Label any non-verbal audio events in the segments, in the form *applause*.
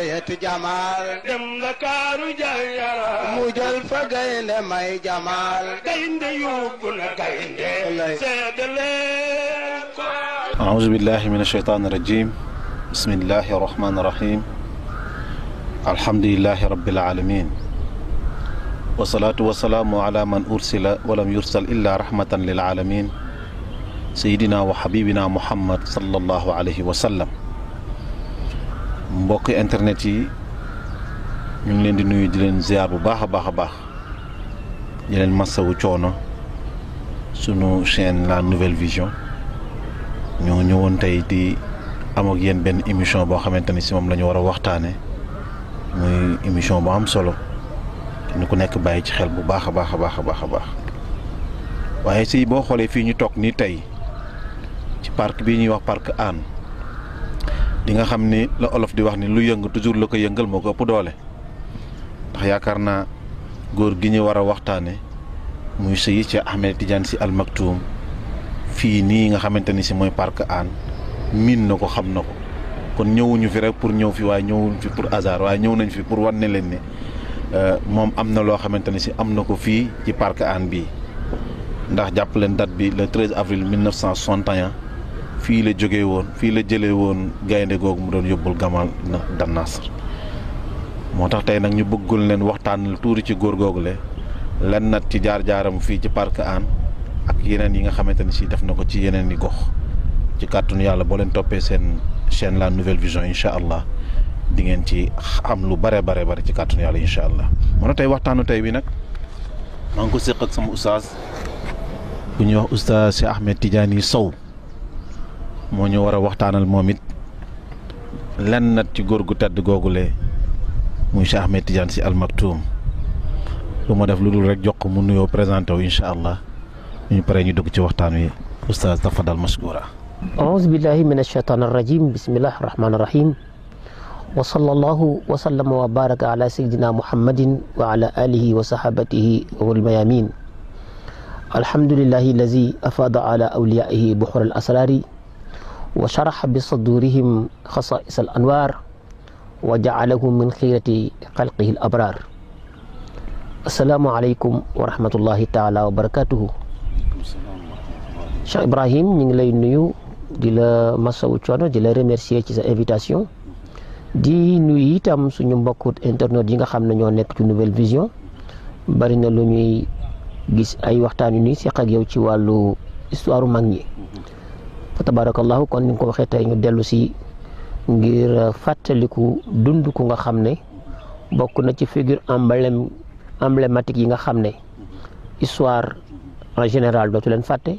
أعوذ بالله من الشيطان الرجيم بسم الله الرحمن الرحيم الحمد لله رب العالمين والصلاة والسلام على من أرسل ولم يرسل إلا رحمة للعالمين سيدنا وحبيبنا محمد صلى الله عليه وسلم mbokk internet yi ñu ngi leen di nuyu di leen ziar bu baax a baax a baax di leen wu coono sunu chaîne la nouvelle vision ñoo ñëwoon tey di am ak yéen benn émission boo xamante ni si moom lañu ñu war a waxtaane muy émission bu am solo ñu ko nekk bàyyi ci xel bu baax a baax a baax a baax a baax waaye si boo xoolee fii ñu toog nii tey ci parc bii ñuy wax parc Hann di nga xam ni la olof di wax ni lu yëng toujours la ko yëngal moo ko ëpp doole ndax yaakaar naa góor gi ñu war a waxtaane muy sëyi ci Ahmed Tidiane si Al fii nii nga xamante ni si mooy parc ann miin na ko xam na ko kon ñëwuñu fi rek pour ñëw fi waaye ñëwuñ fi pour hasard waaye ñëw nañ fi pour wan ne leen ni euh, moom am na loo xamante ni si am na ko fii ci parc Hann bii ndax jàpp leen date bi le 13 avril 1961 fii la jóge woon fii la jëlee woon gaynde googu mu doon yóbbul Gamal Dannasr moo tax tey nag ñu bëggul leen waxtaan tuuri ci góor googu le lenn ci jaar-jaaram fii ci parc Hann ak yeneen yi nga xamante ne si def na ko ci yeneen i gox ci kàttanu yàlla boo leen toppee seen chaîne la nouvelle vision incha allah di ngeen ci am lu bare bare bare ci kàttanu yàlla incha allah. moo tax tey waxtaanu tey bi nag maa ngi ko séq ak sama oustaz bu ñuy wax oustaz Cheikh Ahmed Tidiane Sow. moo ñu war a waxtaanal moom it lenn nat ci góor gu tedd gogulé muy Cheikh Ahmed Tidiane ci Al Maktoum lu ma def lu rek jox mu nuyo présenté wu inshallah ñu pare ñu dugg ci waxtaan wi oustaz tafadal mashkura أعوذ بالله من الشيطان الرجيم بسم الله الرحمن الرحيم وصلى الله وسلم وبارك على سيدنا محمد وعلى آله وصحابته والميامين الحمد لله الذي أفاض على أوليائه بحر الأسرار wa sharaxa bi sadurihim xasaais al anwaar wa min xiirati xalqihi abraar asalaamualeykum wa rahmatullahi taala wa barakatuhu Cheikh Ibrahim ñu ngi lay nuyu di la masawu coono di la remercier ci sa invitation di nuyu itam suñu mbokk internet yi nga xam ne ñoo nekk ci nouvelle vision bari na lu ñuy gis ay waxtaan yu ñuy seq ak yow ci wàllu histoire mag ñi fa tabarakallahu kon ni ko waxee tey ñu dellu si ngir euh, fàttaliku dund ku nga xam ne bokk na ci figure emblème emblématique yi nga xam ne histoire en général dootu leen fàtte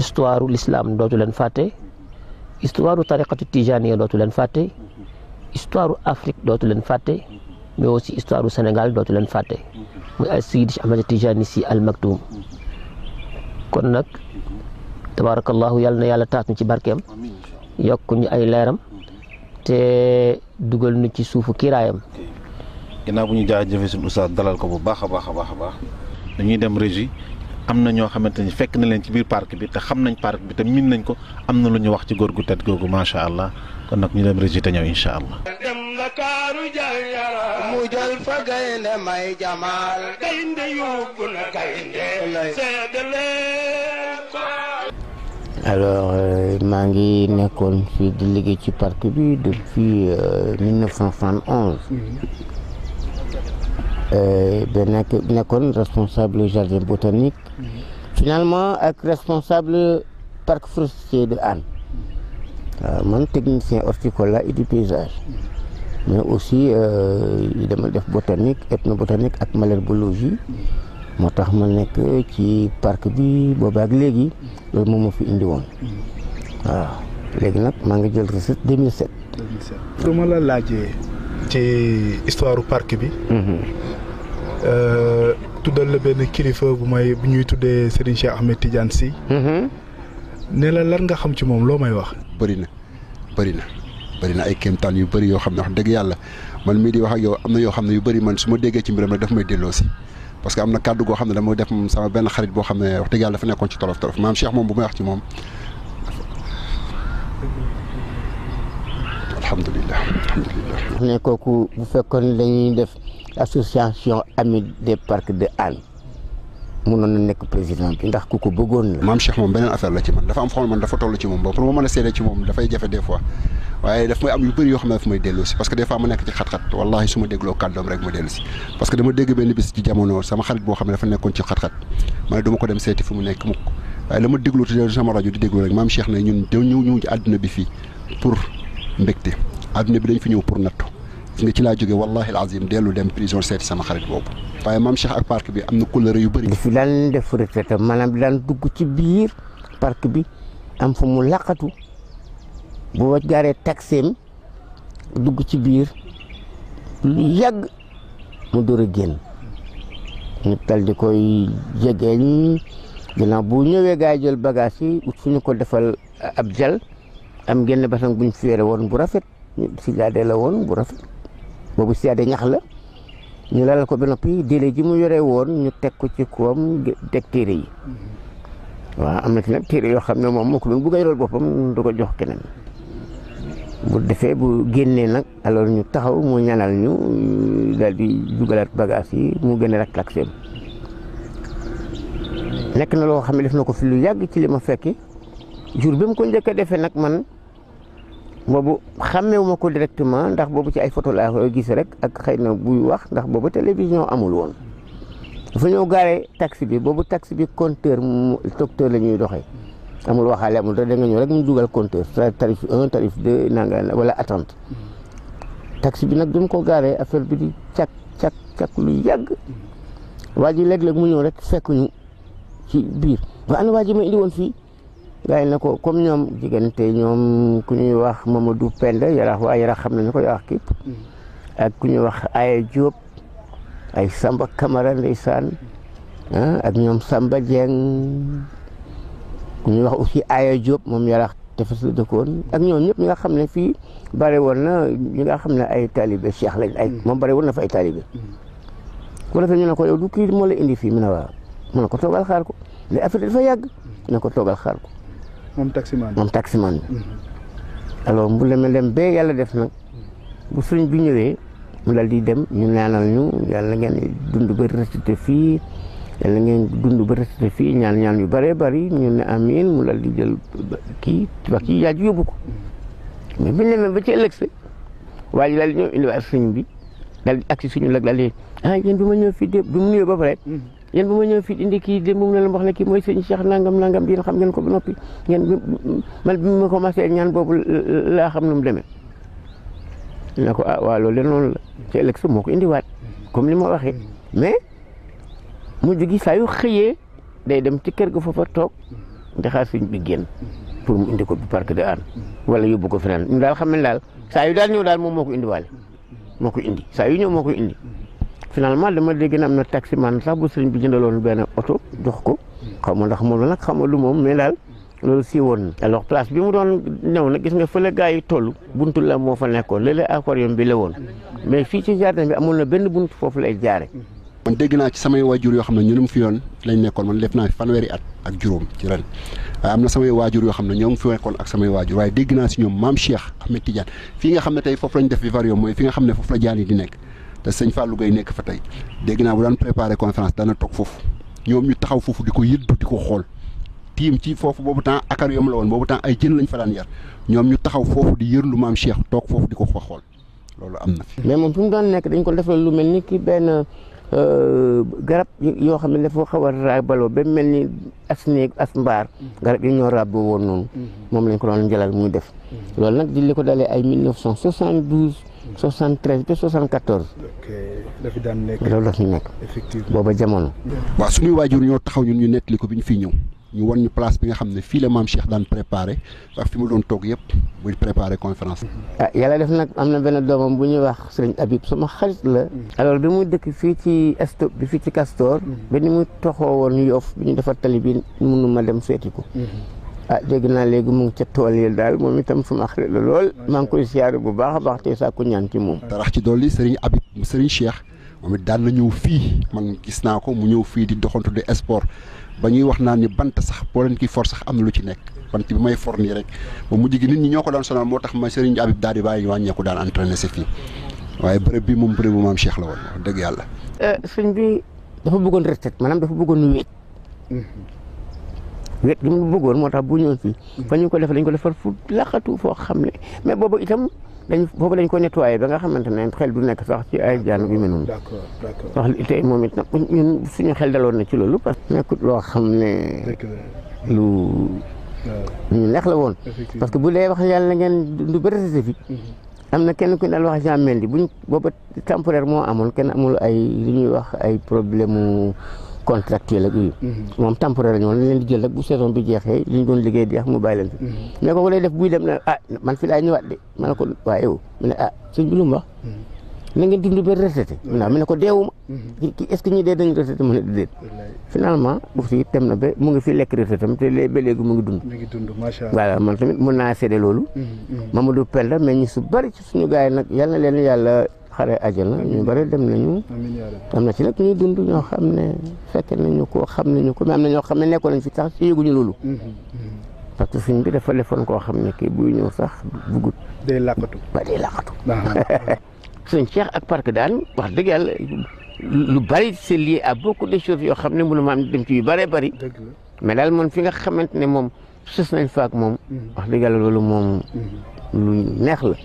histoire l'islam dootu leen fàtte histoire tariqatu tijaniya dootu leen fàtte histoire Afrique dootu leen fàtte mais aussi histoire Sénégal dootu leen fàtte muy al si Ahmad Tijani Sy Al tabarakallah yalla na yalla taas ñu ci barkeem yokku ñu ay leeram té duggal ñu ci suufu kirayam ginnaaw bu ñu jaajëfee sun oustad dalal ko bu baaxa baaxa baaxa baax dañuy dem régie amna ño xamanteni fekk na leen ci biir park bi te xamnañ park bi te min nañ ko amna na lu ñu wax ci góor gu gogu ma sha allah kon nak ñu dem régie te ñëw insha allah dem dakaaru jaayara mu jël fa gaynde may jamaal gaynde yóbbu na gaynde seedale alors je suis délégué délégué di parc depuis 1971 Je suis responsable responsable jardin botanique finalement responsable parc forestier de l'Anne. Euh, technicien horticole et du paysage mais aussi euh, de botanique ethnobotanique et malherbologie moo tax ma nekk ci parc bi boobaak léegi loolu moom moo fi indi woon waaw léegi nag maa ngi jël recette 2007. su ma la laajee ci histoire parc bi. Mhm. Euh, tuddal la benn kilifa bu may bu ñuy tuddee Serigne Cheikh Ahmed Tidiane Sy. Mhm. ne la lan nga xam ci moom loo may wax. bëri na bëri na bëri na ay kéemtaan yu bëri yoo xam ne wax dëgg yàlla man mii di wax ak yow am na yoo xam ne yu bëri man su ma déggee ci mbiram rek daf may delloo si. parce que am na kàddu goo xam ne def sama ben xarit bo xamne wax deug yàlla fa nekkon ci tolof tolof maam Cheikh mom bu may wax ci mom alhamdullilah alhamdullilah ne koku bu fekkoon dañuy def association amie des parcs de anne mun na nekk président bi ndax ku ko bëggoon la. maam Cheikh moom beneen affaire la ci man dafa am xool man dafa toll ci moom ba pour ma a seede ci moom dafay jafe des fois waaye daf may am yu bëri yoo xam ne daf may dellu si parce dégg benn bis ci jamono sama xarit boo xam ne dafa nekkoon ci xat-xat ma ne ko dem seeti fu mu nekk mukk waaye la déglu te sama rajo di déglu rek maam Cheikh ne ñun ñëw ñëw àdduna bi fii pour mbégte àdduna bi dañ fi ñëw pour nattu gis nga ci laa jóge wallahi alazim dellu dem prison seeti sama xarit boobu waaye maam Cheikh ak parc bi am na couleur yu bëri. fi daan def retraite maanaam daan dugg ci biir parc bi am fu mu laqatu boo jaaree taxeem dugg ci biir lu yàgg mu door a génn ñu tal di koy jegeeñ ginnaaw bu ñëwee gaa yi jël bagage yi ut fu ñu ko defal ab jal am genn basang buñ féere woon bu rafet ñu si gaadee la woon bu rafet boobu seede ñax la ñu lalal ko ba noppi délai ji mu yore woon ñu teg ko ci kawam teg téere yi waaw am na ci nag téere yoo xam ne moom moo ko doon bëgg a boppam du ko jox keneen bu defee bu génnee nag alors ñu taxaw mu ñaanal ñu daal di dugalaat bagage yi mu génne rek taxeem nekk na loo xam ne def na ko fi lu yàgg ci li ma fekki jur bi mu ko njëkk a nag man. boobu xàmmeewuma ko directement ndax boobu ci ay photo laa koy gis rek ak xëy na buy wax ndax boobu télévision amul woon dafa ñëw gaare taxi bi boobu taxi bi compteur mu docteur la ñuy doxee amul waxaale amul da nga ñëw rek mu dugal compteur tarif un tarif deux nanga wala attente taxi bi nag bi mu ko gaaree affaire bi di cak cak cak lu yàgg waa ji léeg-léeg mu ñëw rek fekk ñu ci biir waa ana waa ji ma indi woon fii gars yi na ko comme ñoom diggante ñoom ku ñuy wax Mamadou Penda yaraax waa yaraax xam nañu ko yaraax képp mm-hmm. ak ku ñuy wax Aya Diop ay Samba Camara ndeysaan ah, ak ñoom Samba Dieng ku ñuy wax aussi Aya joob moom yaraax tefes la dëkkoon ak ñoom ñëpp ñi nga xam ne fii bare woon na ñi nga xam ne ay taalibe Cheikh lañ ay mm-hmm. moom bare woon na fa ay taalibe mm-hmm. ko defee ñu ne ko yow du kii moo indi fii mu ne waaw mu ne ko toogal xaar ko mais affaire dafa yàgg na ko toogal xaar ko moom taximaan moom taximaan bi alors mu demee dem ba yàlla def nag bu suñ bi ñëwee mu dal di dem ñun ñu ñaanal ñu yàlla ngeen dund ba retraité fii yàlla ngeen dund ba retraité fii ñaan ñaan yu bëree bëri ñu ne amiin mu dal di jël kii wax kii yaaj yóbbu ko mais biñ demee ba ci ëllëg si waaye daal di ñëw indiwaat sëriñ bi daal di agsi suñu lag daal di ah yéen bi ma ñëw fii de bi mu ñëwee ba pare hmm. yéen ba ma ñëw fii indi kii de moom la wax ne kii mooy sëñ Cheikh nangam nangam yéen xam ngeen ko ba noppi ngeen man bi ma commencé ñaan boobu laa xam nu mu demee. na ko ah waaw loolu de noonu la te moo ko indiwaat comme ni ma waxee mais mujj gi saa yu xëyee day dem ci kër ga foofa toog ndaxaar sëñ bi génn pour mu indi ko bi parc de Hann wala yóbbu ko feneen ñu daal xam ne daal saa yu daal ñëw daal moom moo ko indiwaale moo ko indi saa yu ñëw moo ko indi. finalement dama dégg ne am na taximan sax bu sëriñ bi jëndaloon benn oto jox ko xaw ma ndax moom la nag xaw lu moom mais daal loolu si woon na alors place bi mu doon ñëw nag gis nga fële gars yi toll buntu la moo fa nekkoon léeg-léeg aquarium bi la woon mais fii ci jardin bi amoon na benn buntu foofu lay jaare man dégg naa ci samay waajur yoo xam ne ñun fi yoon lañ nekkoon man ak na samay waajur yoo xam ne ñoo ngi fi nekkoon ak samay waajur waaye dégg naa si ñoom maam Cheikh Ahmed Tidiane fii nga xam ne tey foofu lañ def vivarium mooy fi nga xam ne foofu la nekk te sëñ Fallou Gueye nekk fa tey dégg naa bu daan préparé conférence dana toog foofu ñoom ñu taxaw foofu di ko yëddu di ko xool tiim ci foofu boobu temps akarium la woon boobu temps ay jën lañ fa daan yar ñoom ñu taxaw foofu di yërlu maam Cheikh toog foofu di ko fa xool loolu am na fi. mais moom fu mu doon nekk dañ ko defal lu mel ni ki benn euh, garab yoo xam ne dafa xaw a raabaloo ba mel ni as néeg as mbaar garab yi ñoo raaboo woon noonu. Mm-hmm. moom lañ ko doon jëlal muy def. Mm-hmm. loolu nag 73 ba 74. ok la fi daan nekk loolu la fi nekk. effectivement booba jamono. waaw suñuy waajur ñoo taxaw ñun ñu li ko bi ñu fi ñëw ñu wan ñu place bi nga xam ne fii la maam Cheikh daan préparé ak fi mu doon toog yëpp muy préparé conférence. ah yàlla def nag am na benn doomam bu ñuy wax sëriñ Habib ma xarit la. Mm. alors bi mu dëkk fii ci est bi fii ci Castor. Mm. ba ni mu toxoo woon Yoff bi ñu defar tali bi mënu ma dem seeti ko. Mm-hmm. ah dégg naa léegi mu ngi ca tool yi daal moom itam fu mu axle la lool maa ngi koy siyaare bu baax a baax te sàkku ñaan ci moom. darax ci dolli Serigne Habib Serigne Cheikh moom it daan na ñëw fii man gis naa ko mu ñëw fii di doxantu de sport ba ñuy wax naan ni bant sax boo leen ki for sax am na lu ci nekk bant bi may for nii rek ba mujj gi nit ñi ñoo daan sonal moo ma Serigne Habib daal di bàyyi wàññeeku daan entraîné si fii waaye bërëb bi moom bërëb bu maam Cheikh la woon wax dëgg yàlla. Euh, sëñ bi dafa bëggoon retraite maanaam dafa bëggoon wéet hmm. wet gi mu bëggoon moo tax bu ñëwoon fii mm-hmm. fa ñu ko def dañ ko defar fu laxatu foo xam ne mais boobu itam dañ boobu dañ ko nettoyé ba nga xamante ne xel du nekk sax ci ay jaan yu mel moom it suñu xel daloon na ci loolu parce que loo xam ne lu ñu la woon parce que bu dee wax yàlla ngeen du bërësite fi mm-hmm. am na kenn ku ñu daan wax Jean Mendy buñ booba temporaire moo amoon kenn amul ay li ñuy wax ay problème contractuel ak mm-hmm. moom temporaire ñoo leen di jël rek bu saison bi jeexee li ñu liggéey jeex mu bàyyi leen mm-hmm. ah, man ma ne ko waaye ah, mm-hmm. ba retraité mu ne ko deewuma ki est ce que ñi dee dañ retraité mu ne déedéet finalement aussi ba mu ngi fi lekk retraité am te ba léegi mu ngi dund mu ngi dund macha allah voilà man tamit mun naa seede loolu Mamadou Penda mais ñi su bari ci suñu gars yal na leen yàlla xare ajana ñu bëri dem nañu am na ci nag ñuy dund ñoo xam ne fekke nañu ko xam ñu ko mais am na ñoo xam ne nekkoon nañ fi sax si yëguñu loolu mhm, mhm. parce que suñ bi dafa koo xam ne kii buy ñëw sax bugut day làqatu ba day làqatu suñ *laughs* ceex ak parc daan wax dëgg yàlla lu bëri c'est a à beaucoup de choses yoo xam ne mënu ma am dem ci yu bëree bëri mais daal moom fi nga xamante ne moom sës nañ faak moom mhm. wax dëgg yàlla loolu moom lu neex la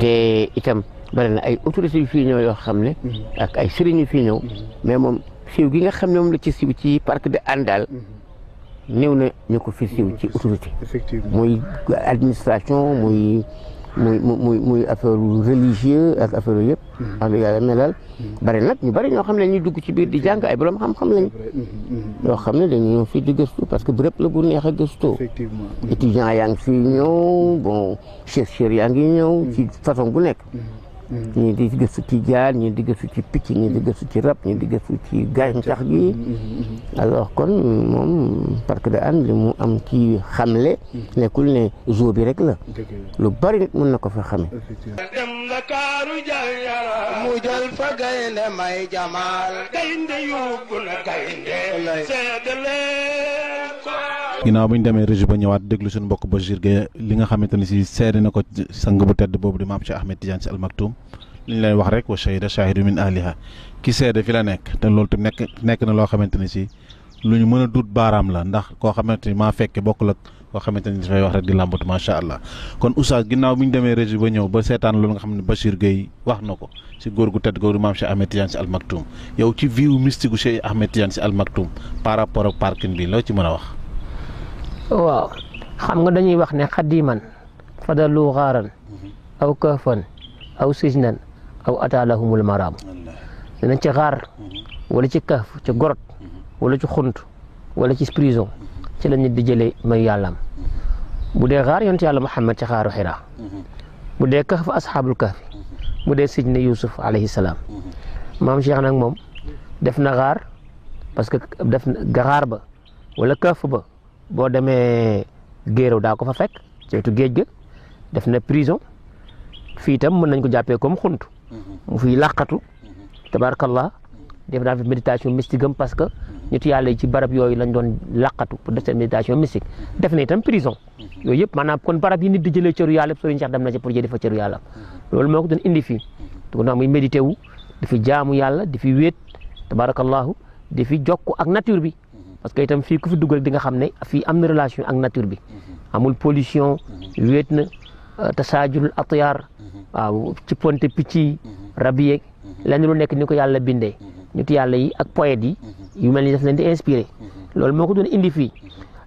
te itam bari na ay autorités fii ñëw yoo xam ne. Mhm. ak ay sëriñ yu fii ñëw. Mhm. mais moom siiw gi nga xam ne la ci siiw ci parc de Andal. Mhm. néew na ñu ko fi siiw ci autorité. effectivement muy administration muy muy muy muy affaire religieux ak affaire yëpp. wax dëgg yàlla mais daal. bari nag ñu bari ñoo xam ne ñu dugg ci biir di jàng ay borom xam-xam lañ. yoo xam ne dañu ñëw fii di gëstu parce que béréb la bu neex a gëstoo. effectivement étudiants yaa ngi fi ñëw bon chercheurs yaa ngi ñëw ci façon bu nekk. ñii di gëstu ci jaar ñi di gëstu ci picc ñi di gëstu ci rab ñii di gëstu ci gàncax gi mm-hmm, mm-hmm, mm-hmm. alors kon moom parc de li mu am ci xamle nekkul ne zoo bi rek la lu bari nit mën na ko fa xame kaaru mu jël fa gaynde may jamaal gaynde yóbbu na gaynde seedale ginaaw buñ démé régie ba ñëwaat déglu suñu mbokk Bachir Gueye li nga xamanteni ci nako sang bu tedd bobu di maam ci Ahmed Tidiane Al Maktoum liñ lay wax rek wa shayda shahidun min aliha ki seede fi la nek té loolu tu nek nek na lo xamanteni ci luñu mëna dut baram la ndax ko xamanteni ma fekke wax rek di ma sha allah kon oustad ginaaw bi démé demee régie ba ñëw ba seetaan loolu nga xamanteni ne Bachir wax nako ci si gu tedd gor maam Cheikh Ahmed Tidiane Al Maktoum yow ci viwu mystique gu Cheikh Ahmed Tidiane Al Maktoum par rapport ak parking bi loo ci mëna wax واو خم قدني وقتنا خديما فدلوا غارا أو كهفا أو سجنا أو أتى لهم المرام لأن تغار ولا تكهف تغرط ولا تخنت ولا تسبريزون تلن يدجلي ما يعلم بدي غار ينتي على محمد تغار وحرا بدي كهف أصحاب الكهف بدي سجن يوسف عليه السلام ما أنا عنهم دفن غار بس دفن غار ولا كهف boo demee géeraw daa ko fa fek ceetu géej ga def na prison fii itam mën nañ ko jàppee comme xunt mhm. mu fiy làqatu mhm. tabarkallah def naa fi méditation mystique am parce que mhm. nit yàlla yi ci barab yooyu lañ doon làqatu pour def seen méditation mystique def na itam prison yooyu yëpp maanaam kon barab yi nit di jëlee cëru yàlla sëriñ Cheikh dem na ci pour jëlee fa cëru yàlla loolu moo ko doon indi fii du na muy wu di fi jaamu yàlla di fi wéet tabarakallahu di fi jokk ak nature bi parce que itam fii ku fi dugal di nga xam ne fii am na relation ak nature bi mhm. amul pollution mhm. wéet na euh, tasaajul atyaar mhm. waaw ci ponte picc yi rab yeeg lenn nekk ni ko yàlla bindee nit yàlla yi ak poète yi yu mel ni daf leen di inspiré loolu moo ko doon indi fii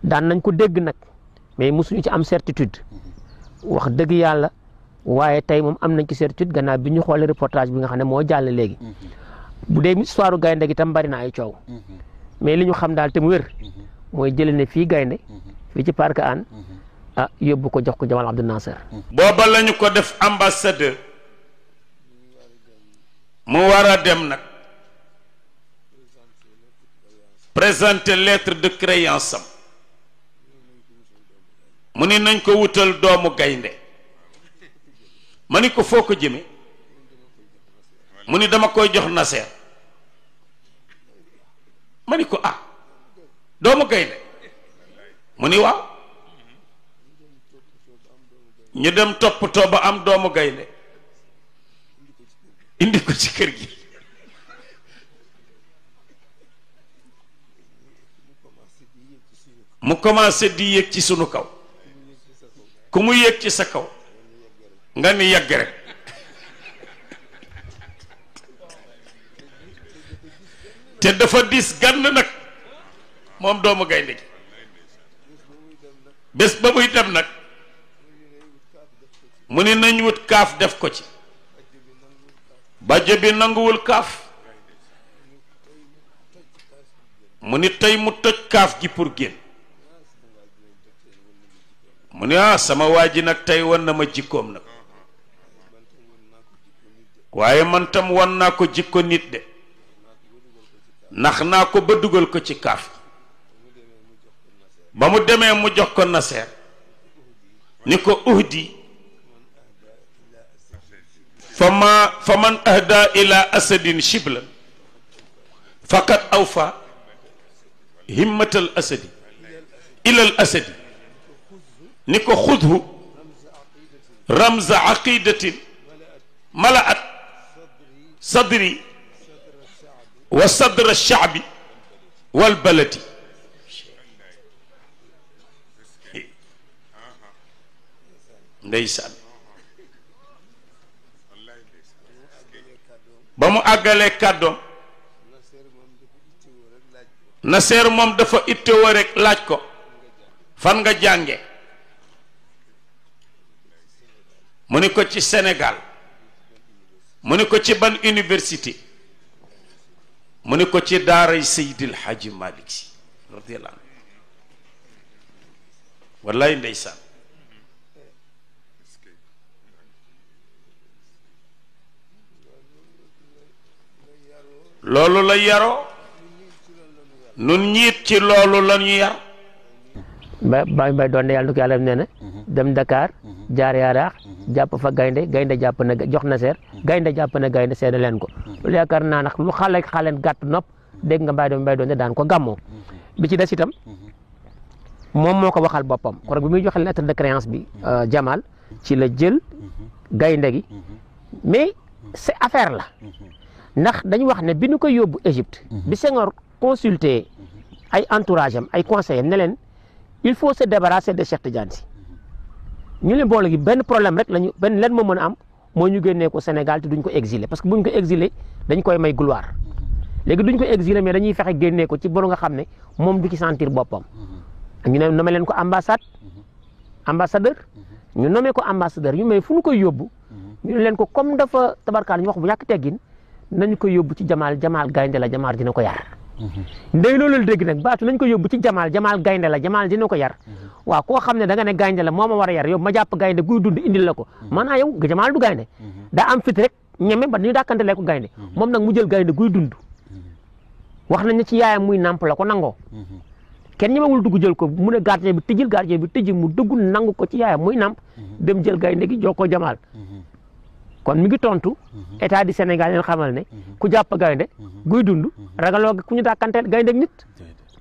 daan nañ ko dégg nag mais mosuñu ci am certitude wax dëgg yàlla waaye tey moom am nañ ci certitude gannaaw bi ñu xoolee reportage bi nga xam ne moo jàll léegi bu dee histoire gaynde gi tam bari na ay coow mais li ñu xam daal te mu wér mooy jëlee ne fii gaynde fii ci parc an ah yóbbu ko jox ko Jamal Abdou Nasser booba la ñu ko def ambassadeur mu war a dem nag présenter lettre de créance am mu ne nañ ko wutal doomu gaynde ma ni ko foo ko jëme mu ne dama koy jox Nasser ma ni ko ah doomu gaynde mu ni waaw ñu dem toppatoo ba am doomu gaynde indi ko ci kër gi mu commencé di yéeg ci sunu kaw ku mu yéeg ci sa kaw nga ni yàgg rek te dafa dis gànn nag moom doomu gaynde gi bés ba muy dem nag mu ni nañ wut kaaf def ko ci bàjjo bi nanguwul kaaf mu ni tey mu toj kaaf gi pour génn mu ni ah sama waa ji nag tey wan na ma jikkoom nag waaye man tam wan naa ko jikko nit de نحن نحن نحن نحن نحن نحن نحن نحن نحن نحن نحن فما فمن أهدى إلى أسد شبلا فقد أوفى همة الأسد إلى الأسد نكو خذه رمز عقيدة ملأت صدري wa sadra shaabi ba mu àggalee kàddoom Naseer moom dafa ittewoo rek laaj ko fan nga jànge mu ni ko ci senegal mu ni ko ci ban université mu ne ko ci daaray Seydil Hadji Malick si radiyallahu anhu wallaay loolu la yaroo nun ñiit ci loolu la yar ba ba bay doon yàlla na ko yàlla nee na mhm. dem Dakar mhm. jaar yaraax mhm. jàpp fa gaynde gaynde jàpp na jox na seer gaynde jàpp na gaynde seede leen ko loolu yaakaar naa nag lu xale xaleen gàtt nopp dégg nga mbay doon mbay doon daan ko gàmmoo bi ci des itam moom moo ko waxal boppam kon bi muy joxe lettre de créance bi euh, Jamal ci la jël gaynde gi mais c'est affaire la ndax dañu wax ne bi ñu koy yóbbu Égypte bi Senghor consulté ay entourage am ay conseillers ne leen il faut se débarrasser de Cheikh Tidiane Sy ñu ne mbooloo gi benn problème rek lañu benn len moo mën a am mooy ñu génnee ko Sénégal te duñ ko exiler parce que buñ ko exiler dañ koy may gloire léegi duñ ko exiler mais dañuy fexe génnee ko ci boru nga xam ne moom du ci sentir boppam. ñu ne nommé leen ko ambassade ambassadeur ñu nommé ko ambassadeur ñu may fu ñu koy yóbbu ñu leen ko comme dafa tabarkaal ñu wax bu yàq teggin nañu ko yóbbu ci jamaal jamaal gaynde la jamaar dina ko yar. ndey loolu la dégg nag baatu nañ ko yóbbu ci jamaal jamaal gaynde la jamaal dina ko yar waa koo xam ne danga ne gaynde la moo ma war yar yow ma jàpp gaynde guy dund indil la ko maanaa yow jamaal du gaynde daa am fit rek ba ñu dàkkante lee gaynde moom nag mu jël gaynde guy dund wax nañ ne ci yaayam muy nàmp ko nangoo kenn ñemewul dugg jël ko mu ne gardien bi tijjil gardien bi tijjil mu dugg nangu ko ci yaayam muy nàmp dem jël gaynde gi jox ko jamaal kon mi ngi tontu mhm. état du Sénégal leen xamal ne mhm. ku jàpp gaynde mhm. guy dund ragaloo ku ñu dàkkanteel gaynde ak nit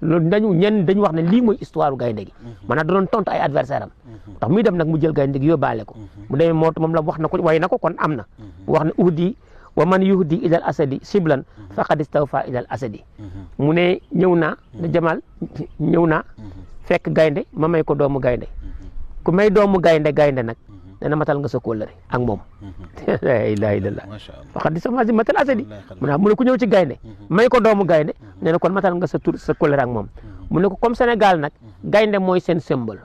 loolu dañu ñenn dañu wax ne lii mooy histoire gaynde gi maanaam doon tontu ay adversaire am ndax muy dem nag mu jël gaynde gi yóbbaale ko mu demee moo moom la wax na ko way na ko kon am na wax ne uhdi wa man yuhdi ilal asadi siblan faqad istawfa ilal asadi mu ne ñëw naa da jamal ñëw na fekk gaynde ma may ko doomu gaynde ku may doomu gaynde gaynde nag nee na matal nga sa kóllëre ak moom la ilaha illallah faqad di sama matal asadi eh. mu ne mu ne ku ñëw ci gaynde mhm. ko doomu gaynde mhm. nee kon matal nga sa moom mhm. mu ne ko comme Sénégal nag gaynde mooy seen symbole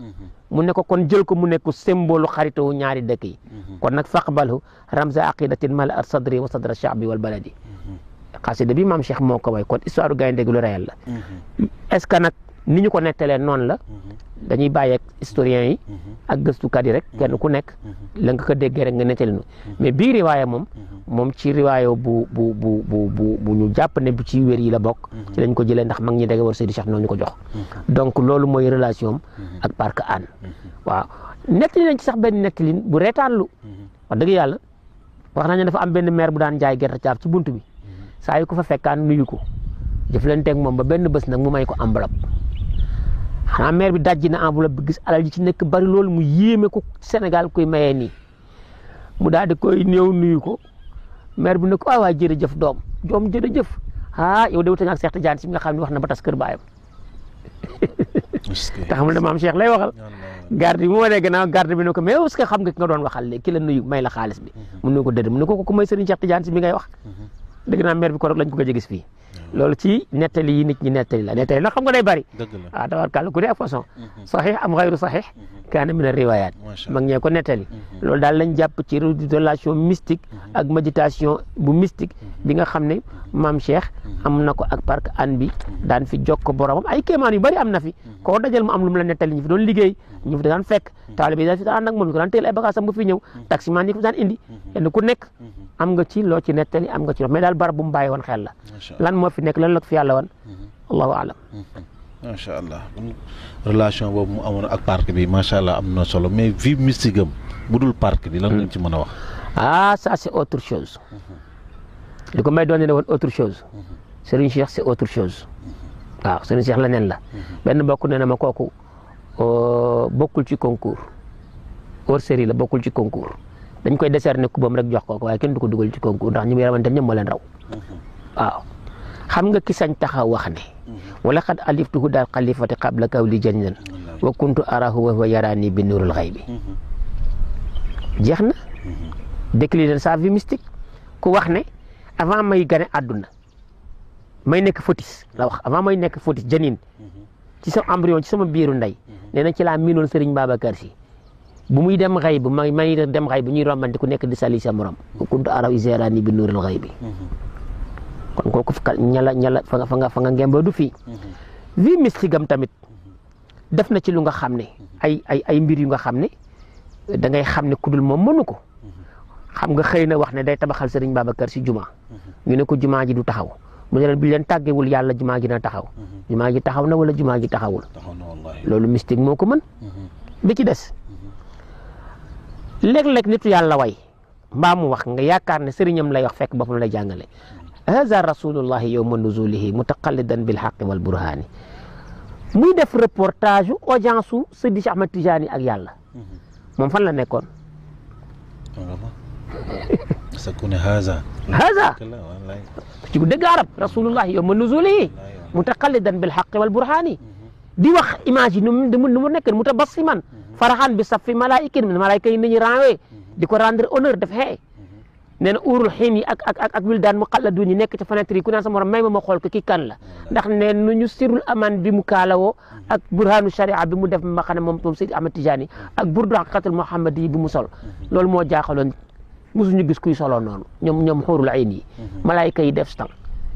mu ne ko kon jël mu nekk symbole xaritoo ñaari dëkk yi kon nag faqbalhu ramza aqidatin mala at sadri wa sadra shaabi wal baladi xasida bi maam Cheikh moo ko way kon histoire gaynde gi lu réel la ni ñu ko nettalee noonu la mhm. dañuy bàyyeeg historiens yi mhm. ak gëstukat yi rek mhm. kenn ku nekk la nga ko déggee rek nga nettali nu mais bii riwaaya moom moom ci riwaayo bu bu bu bu bu bu ñu jàpp ne bu ci wér yi la bokk ci lañ ko jëlee ndax mag ñi dege war Seydi Cheikh ñu ko jox donc loolu mooy relation ak parc Hann waaw nettali nañ ci sax benn nettalin bu reetaanlu wax dëgg yàlla wax nañu dafa am benn maire bu daan jaay gerte caaf ci bunt bi saa yu ko fa fekkaan nuyu ko jëflanteeg moom ba benn bés nag mu may ko enveloppe xanaa maire bi dajji na enveloppe bi gis alal ji ci nekk bari loolu mu yéeme ko Sénégal kuy mayee nii mu daal di koy néew nuyu ko maire bi ne ko ah waay jërëjëf doom doom jërëjëf ah yow de wute ak Cheikh Tidiane si mi nga xam ne wax na ba tas kër baayam te xam ne maam Cheikh lay waxal garde bi mu wanee garde bi ne ko mais est-ce nga doon waxal léegi ki la nuyu may la xaalis bi mhm. mu ne ko déedéet mu ne ko ko may Serigne Cheikh Tidiane si mi ngay wax mhm. dëgg naa maire bi koroog lañ ko gëj a gis fii loolu ci nettali yi nit ñi nettali la nettali nag xam nga day bëri ah tabarkàlla ku ne ak façon mhm. saxiix am xayru saxiix mhm. kaana min a mag ñee ko nettali mhm. loolu daal lañ jàpp ci relation mystique ak méditation bu mystique bi nga xam ne maam Cheikh am na ko ak parc an daan fi jokk boromam ay kéemaan yu bëri am na fi koo dajal mu am lu la nettali ñu fi doon liggéey ñu fi daan fekk taalibe yi daan fi daan ànd ak moom ko daan teel am nga ci loo ci nettali am nga ci mais daal barab bu mu bàyyi woon xel la. lan moo fi nekk lan la ko fi yàlla woon. Mm-hmm. allahu alam. Mm-hmm. macha allah relation boobu mu amoon ak parc bi macha allah am na solo mais vie mystique am bu dul parc bi. lan lañ ci mën a wax. Mm-hmm. ah ça c' est autre chose. li ko may doon ne woon autre chose. Serigne Cheikh c' est autre chose. waaw Serigne Cheikh leneen la. benn mbokk nee na ma kooku euh, bokkul ci concours hors série la bokkul ci concours. dañ koy décerner kubam rek jox ko waaye kenn du ko dugal ci concours ndax ñi muy rawante ñoom moo leen raw waaw nga ki sañ taxaw wax ne wala xat aliftuhu daal xalifati qabla kawli jannan wa kuntu arahu wa huwa yaraani bi nuurul xaybi jeex na décliner sa vie mystique wax ne avant may gane àdduna may nekk fotis la wax avant may nekk fotis janin ci sa embryon ci sama biiru ndey nee na ci laa miinoon Serigne Babacar Sy bu muy dem ghaib may may dem ghaib bu ñuy rombante ku nekk di sali sa morom kuntu araw iserani bi nuuril xay bi kon kooku ñala ñala fa nga fa nga fa nga ngemboo du mhm. vi tamit mhm. def na ci lu nga xamne mhm. ay ay ay mbir yu nga xamne da ngay xamne kudul mom mënu xam nga xeyna wax ne day tabaxal serigne babakar ci juma ñu ne ko juma ji du taxaw mu ne leen bi leen tàggewul yalla juma ji na taxaw juma ji taxaw na wala juma ji taxawul lolu mistik moko man bi ci dess léeg-léeg nitu yàlla way mbaa mu wax nga yaakaar ne sëriñam lay wax fekk boppam la jàngale haza rasulullahi yowma nuzulihi mutaqallidan bil haqqi wal burhani muy def reportage u audience su Seydi Cheikh Ahmad ak yàlla mhm. moom fan la nekkoon *laughs* sakune haza haza arab rasulullahi yowma nuzulihi mutaqallidan bil haqqi wal burhani di wax image yi nu mu nu mu nekk mu man mhm. faraxaan bi safi malaayikin min malaayika yi nañu renwee mhm. di ko rendre honneur def xee mhm. nee na uurul xiin ak ak ak ak wildaan mu xalladun yi nekk ci fenêtre yi ku naan sama may ma ma xool ko kii kan la ndax nee nu ñu sirul aman bi mu kaalawoo ak burhanu sharia bi mu def ma xam ne moom moom Seydi Ahmad Tijaani ak burdu xaqiqatul muhammad yi bi mu sol loolu moo jaaxaloon musuñu gis kuy soloo noonu ñoom ñoom xuurul ayn yi malaayika yi def stan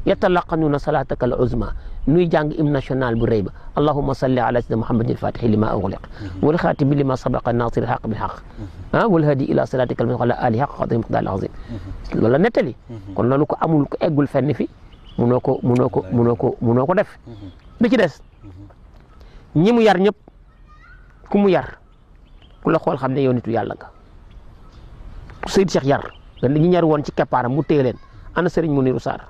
yatalaqanuuna salaataka al uzma nuy jàng hymne national bu rëy ba allahumma salli ala sayyidina muhammadin al-fatihi lima ughliq wal khatimi lima sabaqa nasir al haq bil haq ah wal hadi kon loolu ko amul ko eggul fenn fi munoo ko munoo ko munoo ko munoo def bi ci des ñi mu yar ñëpp ku mu yar ku la xool xam ne yow nitu yàlla nga Seydou Cheikh yar ñi ñar woon ci keppaaram mu téye leen ana Serigne Mounirou Sarr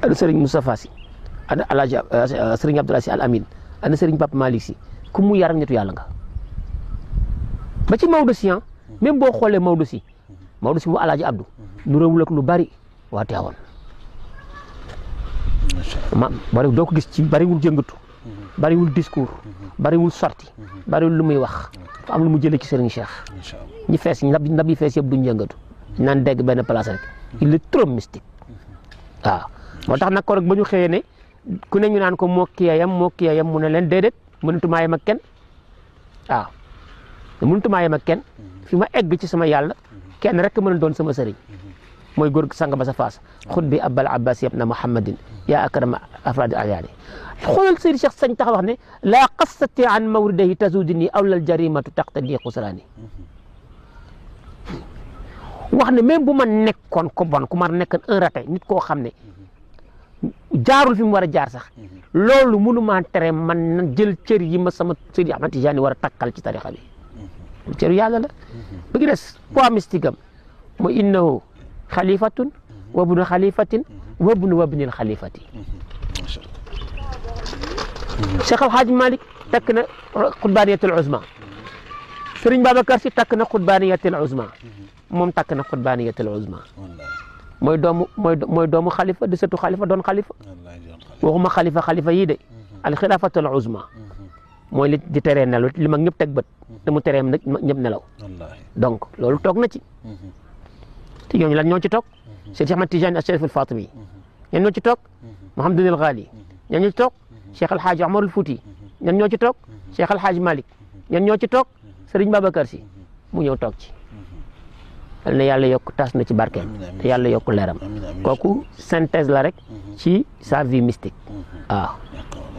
ada sering Mustafa si ada eh, sering eh, sering Abdul Aziz Al Amin ada sering Pap Malik si kumu yaram yar nitu yàlla nga ba ci Maodo Sy même boo xoolee Maodo Sy Maodo Sy mu Alhaji Abdou nu réewul ak lu bari waa teewoon ma bari doo ko gis ci bariwul jëngatu bariwul discours bariwul sorti bariwul lu muy wax fa am lu mu jëlee ci Serigne Cheikh ñi nabi jëngatu place moo tax nag korog ba ñu xëyee ne ku ne ñu naan ko moo kii yam moo kii yam mu ne leen déedéet mënatumaa yem ak kenn waaw mënatumaa yem ak kenn fi ma egg ci sama yàlla kenn rekk mën a doon sama sëriñ mooy góor sang ba sa faas xut bi abal abbas yab na muhammadin yaa akrama afradi alyaani xoolal sëriñ Cheikh sañ tax wax ne laa qassati an mawridahi tazudini awlal jarimatu taqtadi xusraani wax ne même bu ma nekkoon ko bon ku ma nekkoon un raté nit koo xam ne jaarul fi mu war a jaar sax mhm. loolu mënu maa tere man na jël cër yi ma sama Seydi Ahmad Tijaani war a takkal ci tarixa bi mhm. cëru yàlla la mhm. bi gi des poids mystique am mu innahu xalifatun wabnu xalifatin wabnu wabnil xalifati Cheikh Alhaaj Malick takk na xutbaaniyatul uzma Sëriñ Babacar Si takk na xutbaaniyatul uzma moom takk na xutbaaniyatul uzma moy doomu mooy mooy doomu xalifa di sëtu khalifa don khalifa waxuma khalifa khalifa yi de al khilafatu al uzma moy li di tere nelu li mag ñep tek bët te mu tere nak ñep nelaw donc lolu tok na ci ci ñooñu lan ñoo ci tok Cheikh ahmed Tijani al Asharif al Fatimi ñan ñoo ci toog Mouhamadou al Ghali ñan ñoo ci tok Cheikh Al haj Omar al futi ñan ñoo ci tok Cheikh Al haj malik ñan ñoo ci tok Serigne babakar si mu ñëw tok ci yal yàlla yokk tas na ci barkeem te yàlla yokk leeram kooku synthèse la rek mhm. ci sa vie mystique mhm. waaw.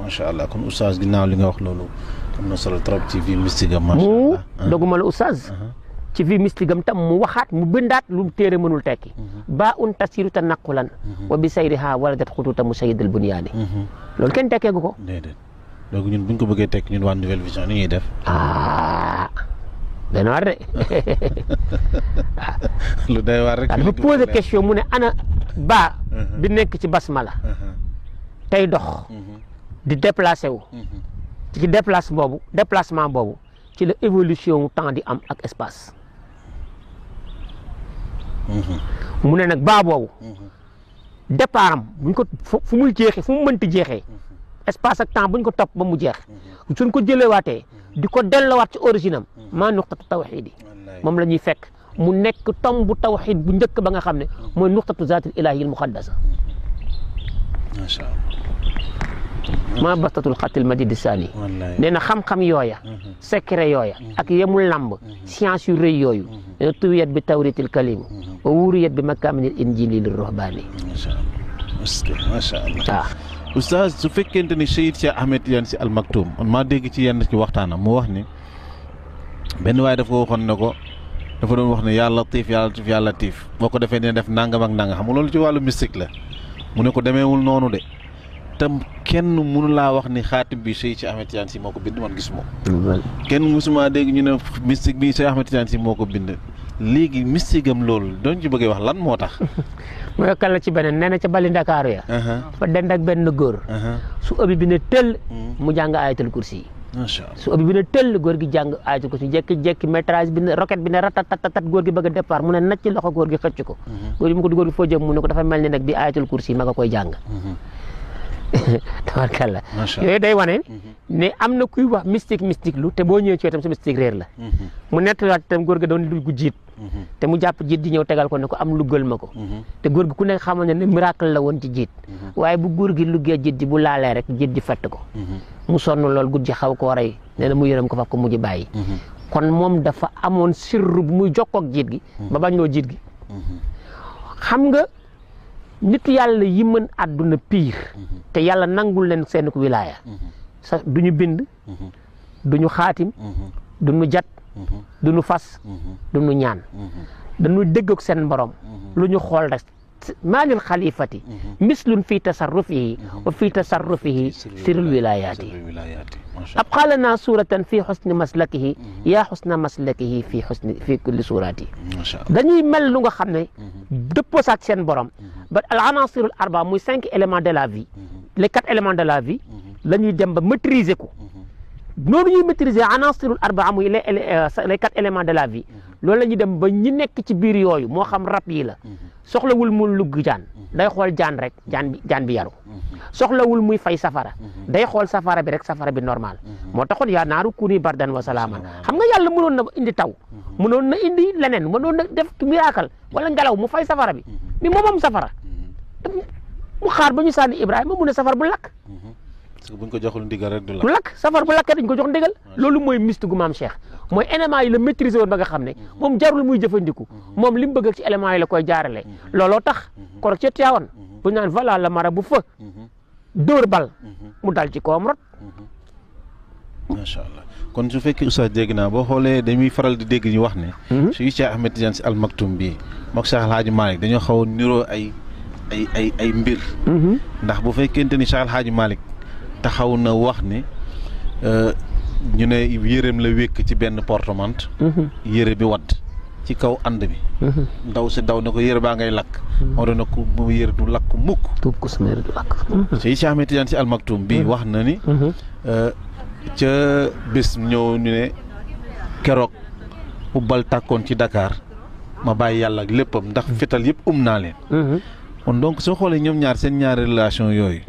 macha allah kon oustaz ginnaaw li nga wax loolu am na solo trop ci vie mystique am. mu doguma la oustaz. ci vie mystique am tam mu waxaat mu bindaat lu téere mënul tekki. Mhm. ba un tasiru ta naqulan. wa bi sayriha waladat xututa musayidal bunyaani. loolu kenn tekkeegu ko. déedéet donc ñun bu ñu ko bëggee tekki ñun waa Nouvelle Vision li ñuy def. Ah. dana war de lu day war rek mu ne ana ba uh-huh. bi nekk ci basmala uh-huh. tey dox uh-huh. di déplacé wu ci déplace boobu déplacement boobu ci la évolution wu temps di am ak espace mu ne nag baa boobu départ am ko fu mul jeexee fu mu mënti jeexee espace ak temps ñu ko top ba mu jeex suñ ko jëlewaatee di ko dellowaat ci origine maa nuqtatu tawxiid yi moom la ñuy fekk mu nekk tom bu tawxiid bu njëkk ba nga xam ne mooy nuqtatu zaatil ilaahiyil muqaddasa macha allah maa bastatul xatil saani nee na xam-xam yooya mhm. secret yooya mhm. ak yemul lamb mhm. science yu rëy yooyu nee na tuwiyat bi tawritil kalimu wa wuriyat bi makaaminil injili lir ruhbaani macha oustaz su fekkente ni Seyid Cheikh Ahmed Tidiane si almaktoum man maa dégg ci yenn ci waxtaanam mu wax ni benn waaye dafa waxoon ne ko dafa doon wax ne yàlla tiif yàlla tiif yàlla tiif boo ko defee dina def nangam ak nangam xam nga loolu ci wàllu mystique la mu ne ko demeewul noonu de tam kenn mënu laa wax ni xaatim bi Seyid Cheikh Ahmed Tidiane si moo ko bind man gis moom kenn musuma dégg ñu ne mystique bi Cheikh Ahmed Tidiane si moo ko bind léegi mystique am loolu doon ci bëggee wax lan moo tax *laughs* mu yokkal la ci beneen nee ci bali ndakaaru ya uh-huh. fa dend ak benn góor uh-huh. su ëbbi bi ne tëll mm. mu jàng ayatul kursi macha allah su ëpp bi tel tëll góor gi jàng aaju ko si jékki-jékki métrage bi ne roquette bi ne ratatatat góor gi bëgg a mu ne loxo góor gi xëcc ko. Mm-hmm. góor gi ko góor gi foo mu ne ko dafa mel ni nag bi ayatul kursi ma nga koy jàng. Mm-hmm. *laughs* tabarkalla yooyu day wane. Mm-hmm. ne am na kuy wax mystique mystique lu te boo ñëwee ci wetam sa mystique réer la. mu nettalaat itam góor gi doon lu jiit. te mu jàpp jiit di ñëw tegal ko ne ko am luggal ma ko te góor gi ku nekk xamoon ne miracle la woon ci jiit waaye bu góor gi luggee jiit ji bu laalee rek jiit ji fett ko mu sonn lool ji xaw ko rey nee mu yërëm ko faf ko mu ji bàyyi kon moom dafa amoon sirru bu muy jokkook jiit gi ba bañ loo jiit gi xam nga nit yàlla yi mën àdduna piir te yàlla nangul leen seen ko wilaaya du ñu bind du ñu xaatim du ñu jat du ñu fas du ñaan dañu déggoog seen borom lu ñu xool rek maa lil xalifati mislun fii tasarrufihi wa fii tasarrufihi sirul wilayaati ab xaala naa suuratan fii xusni maslakihi yaa xusna maslakihi fii xusni fii kulli suuraati dañuy mel lu nga xam ne dëppoosaat seen borom ba al anaasirul arba muy cinq éléments de la vi les quatre de la vie la ñuy dem ba maîtriser ko noonu ñuy maîtriser anasirul arbaa muy les les euh, quatre éléments de la vie mm-hmm. loolu la ñuy dem ba ñi nekk ci biir yooyu moo xam rab yi la mm-hmm. soxlawul mu lugg jaan mm-hmm. day xool jaan rek jaan bi jaan bi yaru soxlawul muy fay safara day xool safara bi rek safara bi normal moo taxoon yaa naaru kuni bardan wa salaaman xam nga yàlla mënoon na indi taw mënoon na indi leneen mënoon na def miracle wala ngelaw mu fay safara bi mi moom safara mu xaar ba ñu sànni Ibrahima mu ne safara bu lakk parce que buñ ko joxul ndigal rek du lakk. safar bu lakkee dañ ko jox ndigal. loolu mooy mystique gu maam Cheikh. mooy élément yi la maîtriser ba nga xam ne. Mhm. moom jarul muy jëfandiku. Mhm. moom li mu bëgg ci élément la koy jaarale. Mhm. looloo tax korog ca Tiwaawan. bu ñu naan voilà la mara bu fa. dóor bal. mu dal ci kawam rot. macha allah kon su fekkee oustaz dégg naa boo xoolee dañuy faral di dégg ñu wax ne. suy Cheikh Ahmed Tidiane Sy Al Maktoum bii moog Cheikh El Hadj dañoo xaw a niroo ay ay ay ay mbir. ndax bu fekkente ni Cheikh El taxaw na wax ni euh, ñu ne yéreem la wékk ci benn portemante mhm. yére bi wadd ci kaw ànd bi mhm. ndaw si daw na ko yére baa ngay lakk mhm. moo doon ko yére du lakk mukk tuub ko sama yére du lakk Cheikh Cheikh bi wax na ni euh, ca bés ñëw ñu ne keroog ubbal tàkkoon ci dakaar ma bàyyi yàlla ak léppam ndax fital yëpp um naa leen kon donc soo xoolee ñoom ñaar seen ñaari relation yooyu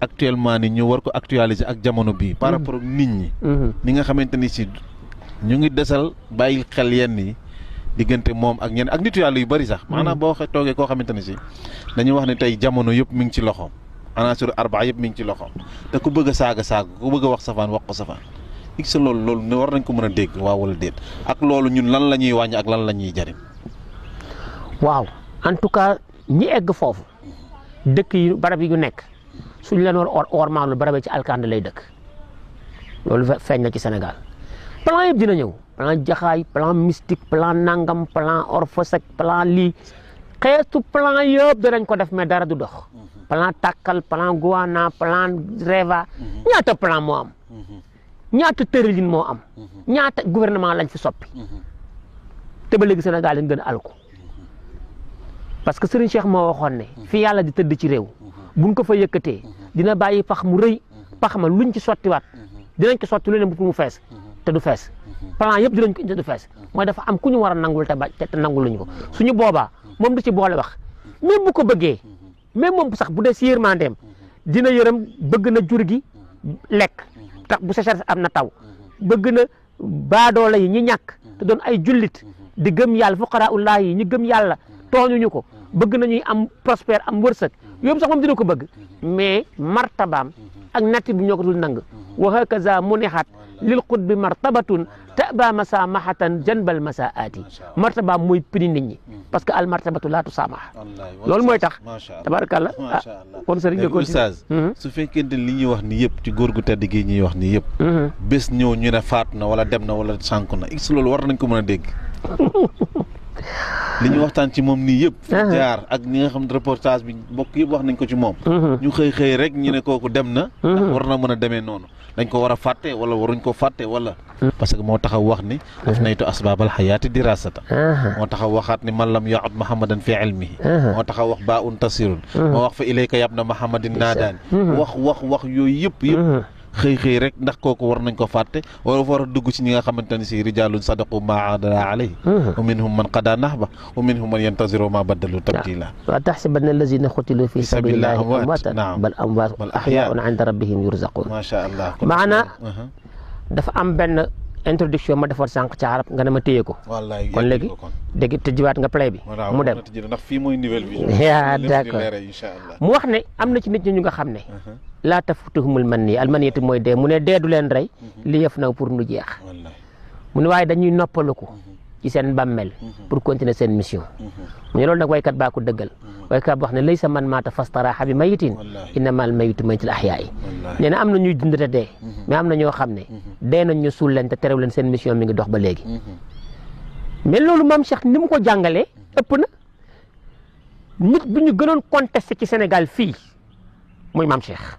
actuellement ni ñu war ko actualiser ak jamono bi par mm-hmm. rapport ak nit ñi mm-hmm. ni nga xamanteni ci ñu ngi desal bayil xel yenn yi mom ak ñen ak nit yalla yu bari sax mm-hmm. maanaam bo waxe koo ko ni ci dañu wax ni tay jamono yëpp mi ngi ci anasur arba yëpp mi ngi ci loxo te ku bëgg saga saga ku bëgg wax safan wax ko ik sa lool lool ne war nañ ko mëna dégg waaw wala déet ak loolu ñun lan lañuy wañ ak lan lañuy jarim waaw en tout cas ñi egg fofu dëkk yu barab yu nekk suñ leen war or ormaalul barabee ci alkande lay dëkk loolu feeñ na ci senegal plan yëpp dina ñëw plan jaxaay plan mystique plan nangam plan orfosek plan lii xeetu plan yëpp danañ ko def mais dara du dox mhm. plan takkal plan guana plan reva mhm. ñaata plan moo am mhm. ñaata tërëlin moo am ñaata gouvernement lañ fi soppi te ba léegi Sénégal lañ gën a alku que Serigne Cheikh moo waxoon ne fi yàlla di tëdd ci réew buñ ko fa yëkkatee mhm. dina bàyyi pax mu rëy mhm. pax ma luñ ci sottiwaat mhm. dinañ ko sotti lu ne mu fees te du fees plan yëpp dinañ ko indi te du fees mooy dafa am ku ñu war a nangul te ba te nangul luñ ko suñu boobaa moom du ci boole wax même bu ko bëggee même moom sax bu dee si yërmandeem dina yërëm bëgg na jur gi lekk tax bu sécheresse am na taw bëgg na baadoola yi ñi ñàkk te doon ay jullit di gëm yàlla fuqaraa ullaah yi ñi gëm yàlla tooñuñu ko bëgg nañuy am prospère am wërsëg yóbbu sax moom dina ko bëgg mais martabaam ak natti bi ñoo ko dul nang wa hakaza munixat lil qutbi martabatun taba masa mahatan janbal masaati martabaam mooy prix nit ñi parce que al martabatu laatu saamaha loolu mooy tax tabarakallah ah kon sëriñ nga continuer hmm? su fekkente li ñuy wax ni yëpp ci góor gu tedd ñuy wax ni yëpp hmm. bés ñëw ñu ne faatu na wala dem na wala sànku na is loolu war nañ ko mën a dégg *laughs* li ñu waxtaan ci moom nii yëpp. fi jaar ak ñi nga xam reportage bi mbokk yëpp wax nañ ko ci moom. ñu xëy xëy rek ñu ne kooku dem na. ndax war na mën a demee noonu. dañ ko war a fàtte wala waruñ ko fàtte wala. parce que moo taxaw wax ni. daf naytu asbaabal xayaati dirasata. moo taxaw waxaat ni man lam yaud Muhammadan fi ilmihi. moo taxaw wax baa un tasirun. moo wax fa ilayka yabna Muhammadin naadaani. wax wax wax yooyu yëpp yëpp. xëy xëy rek ndax kooku war nañ ko fàtte wala war a dugg ci ñi nga xamante ne si rijaalun sadaqu maa aahadullah alayhi wa minhum man qadaa nahba wa minhum man yantaziru maa baddalu tabdila wa tahsabanna allazina qutilu fi sabilillahi amwaatan bal amwaatun bal ahyaa'un inda rabbihim uh-huh. ma defoon sànq ci arab nga ne ma téye ko. wallaay kon léegi dégg tëjiwaat nga play bi. mu dem ndax fii mooy nouvelle bi. *laughs* yaa d'accord mu wax ne am na ci nit ñi nga xam ne. Uh-huh. laa tafutuhumul man nii almaniyatu mooy dee mu ne dee du leen rey mhm. li yëf naw pour nu jeex mu ne waaye dañuy noppalu ko mhm. ci seen bàmmeel mhm. pour continuer seen mission mu ne loolu nag waykat baa ko dëggal waykat wax ne laysa man maata fastaraaxa bi mayitin innama al mayitu mayitul axyaa yi nee na am na ñuy dund te dee mais am na ñoo xam ne dee nañ ñu suul leen te terew leen seen mission mi ngi dox ba léegi mais loolu maam Cheikh ni mu ko jàngalee ëpp na nit ñu gënoon contesté ci Sénégal fii muy maam Cheikh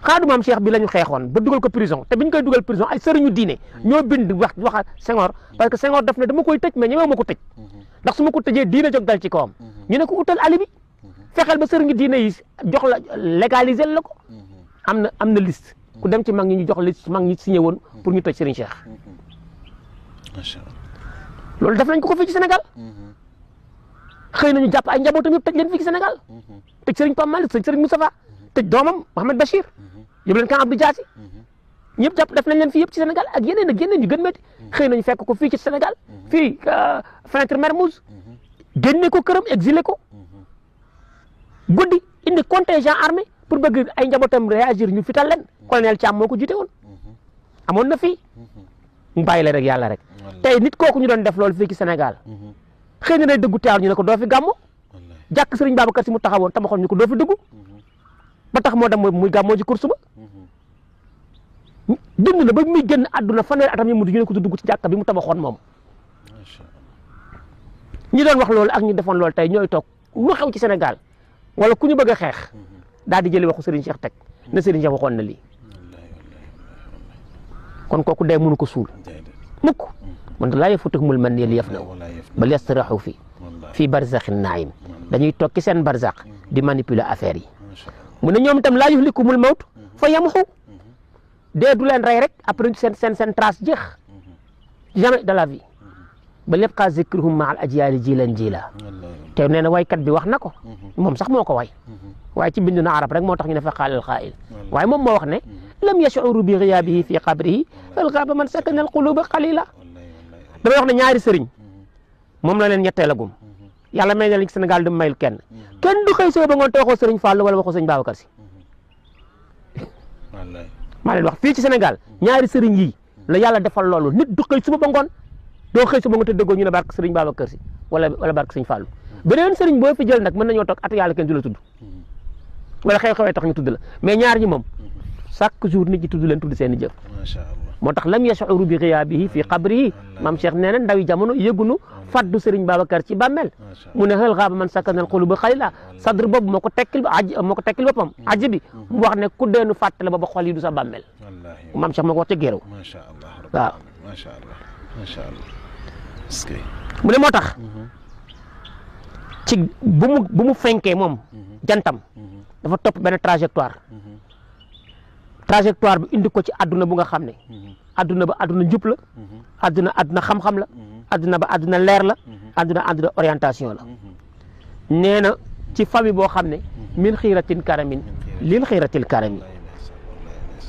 xaadu maam Cheikh bi la ñu xeexoon ba dugal ko prison te bi ñu dugal prison ay sëriñu diine ñoo bind wax wax Senghor parce que Senghor daf dama koy tëj mais ñemewu ko tëj ndax ma ko tëjee diine jog dal ci kawam ñu ne ko utal alibi fexeel ba sëriñu diine yi jox la légaliser la ko am na am na liste ku dem ci mag ñi ñu jox liste mag ñi signé woon pour ñu tëj Serigne Cheikh loolu def nañ ko ko fii ci xëy nañu jàpp ay yëpp tëj leen fii ci Sénégal mhm. tëj Serigne Pape Malick tëj Serigne Moustapha tëj doomam Mouhamed Bachir mhm. yóbbu leen kan Abdou Diassi mhm. ñëpp jàpp def nañ leen fi yëpp ci senegal ak yeneen ak yeneen yu gën métti mhm. xëy nañu fekk ko fii ci Sénégal fii euh, fenêtre Mermoz génne ko këram exile ko guddi indi contingent armé pour bëgg ay njabootam réagir ñu fital leen colonel Thiam moo ko jite woon amoon na fi mu bàyyi la rek yàlla rek tey nit kooku ñu doon def loolu fii ci Sénégal xëy na day dëggu teewal ñu ne ko doo fi gàmmu jàkk sëriñ Babacar si mu taxawoon tabaxoon ñu ko doo fi ba tax moo dem muy gàmmoo ji course ba dund na ba muy génn àdduna fanweeri atam yi mu di ñu ne ko dugg ci jàkka bi mu tabaxoon moom ñi doon wax lool ak ñi defoon lool tey ñooy toog lu xew ci Sénégal wala ku ñu bëgg a xeex mm-hmm. daal di jëli waxu Serigne Cheikh teg na Serigne Cheikh waxoon na lii kon kooku day mënu ko suul mukk mm-hmm. man laa yafutuhumul manni li yafnaw bal yastarahu fi fii barzaxin naim dañuy toog ci seen barzax di mm-hmm. manipuler affaire yi mu ne ñoom itam laa yuhlikumul mawt fa yamhu dee du leen rey rek après seen seen seen trace jeex jamais de la vie ba lépp xaa zikruhum ma al ajyaali jiilan jiila te nee na waykat bi wax na ko mhm. moom sax moo ko way mhm. waaye ci bindu na arab rek moo tax ñu ne fa xaalal xaayil waaye moom moo wax ne mhm. lam yashuru bi ghiyaabihi fi qabrihi fal gaaba man sakana al quluba qalila damay wax ne ñaari sëriñ moom la leen ñetteelagum yàlla may na lañ Sénégal du mayul kenn kenn du xëy soo ba ngoon tooxoo sëriñ Fallou wala waxoo sëriñ Babacar si maa leen wax fii ci Sénégal ñaari sëriñ yi la yàlla defal loolu nit du xëy suba ba ngoon doo xëy suba nga te dëggoo ñu ne barke sëriñ Babacar si wala wala barke sëriñ Fallou beneen boo fi jël nag mën nañoo toog at yàlla kenn du la tudd mm-hmm. wala xew-xewee tax ñu tudd la mais ñaar ñi moom mm-hmm. chaque jour nit ñi tudd leen tudd seen i jëf moo tax lam yashuru bi ghiyaabihi fi qabrihi maam Cheikh nee na ndawi jamono yëgunu faddu Serigne Babacar ci bàmmeel mu ne xel xaaba man sakkanal xuluba xayla sadr boobu moo ko tekkil aj moo ko tekkil boppam mm-hmm. aji bi mm-hmm. mu wax ne ku deenu fàttale ba ba xol yi du sa bàmmeel maam Cheikh moo ko wax ca géeru waaw mu moo tax mm-hmm. ci bu fenkee moom jantam dafa topp benn trajectoire trajectoire bi indi ko ci aduna bu nga xamne aduna ba aduna djup la aduna aduna àdduna xam-xam la aduna ba aduna leer la aduna aduna orientation la nee ci fami bo xamne min khiratin karamin lil khiratil karami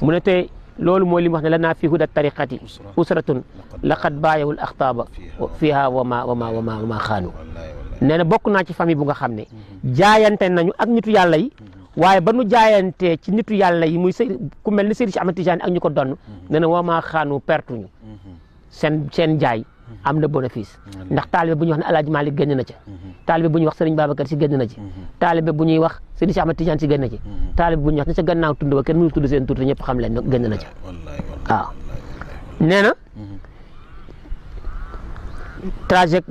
mune te lolou moy lim li wax ne la nafi huda tariqati usratun laqad bayahu al axtaaba fiha wa ma wa ma wa ma wa ma xaanu na ci fami bu nga xamne jaayante nañu ak nitu yàlla yi waaye ba nu jaayantee ci nitu yàlla yi muy sëy ku mel ni Seydi Ahmad Tijaani ak ñu ko donn mhm. ne na woo maa xaanu ñu mhm. seen seen jaay mhm. am na bénéfice ndax taalibe bu ñuy wax ne Alaaji Malik génn na ci taalibe bu ñuy wax Sëriñ Babacar si génn na ci taalibe bu ñuy wax Seydi Ahmad Tijaani si génn na ci taalibe bu ñuy wax ne sa gannaaw tund ba kenn mënu tudd seen tur te ñëpp xam leen génn na ci waaw nee na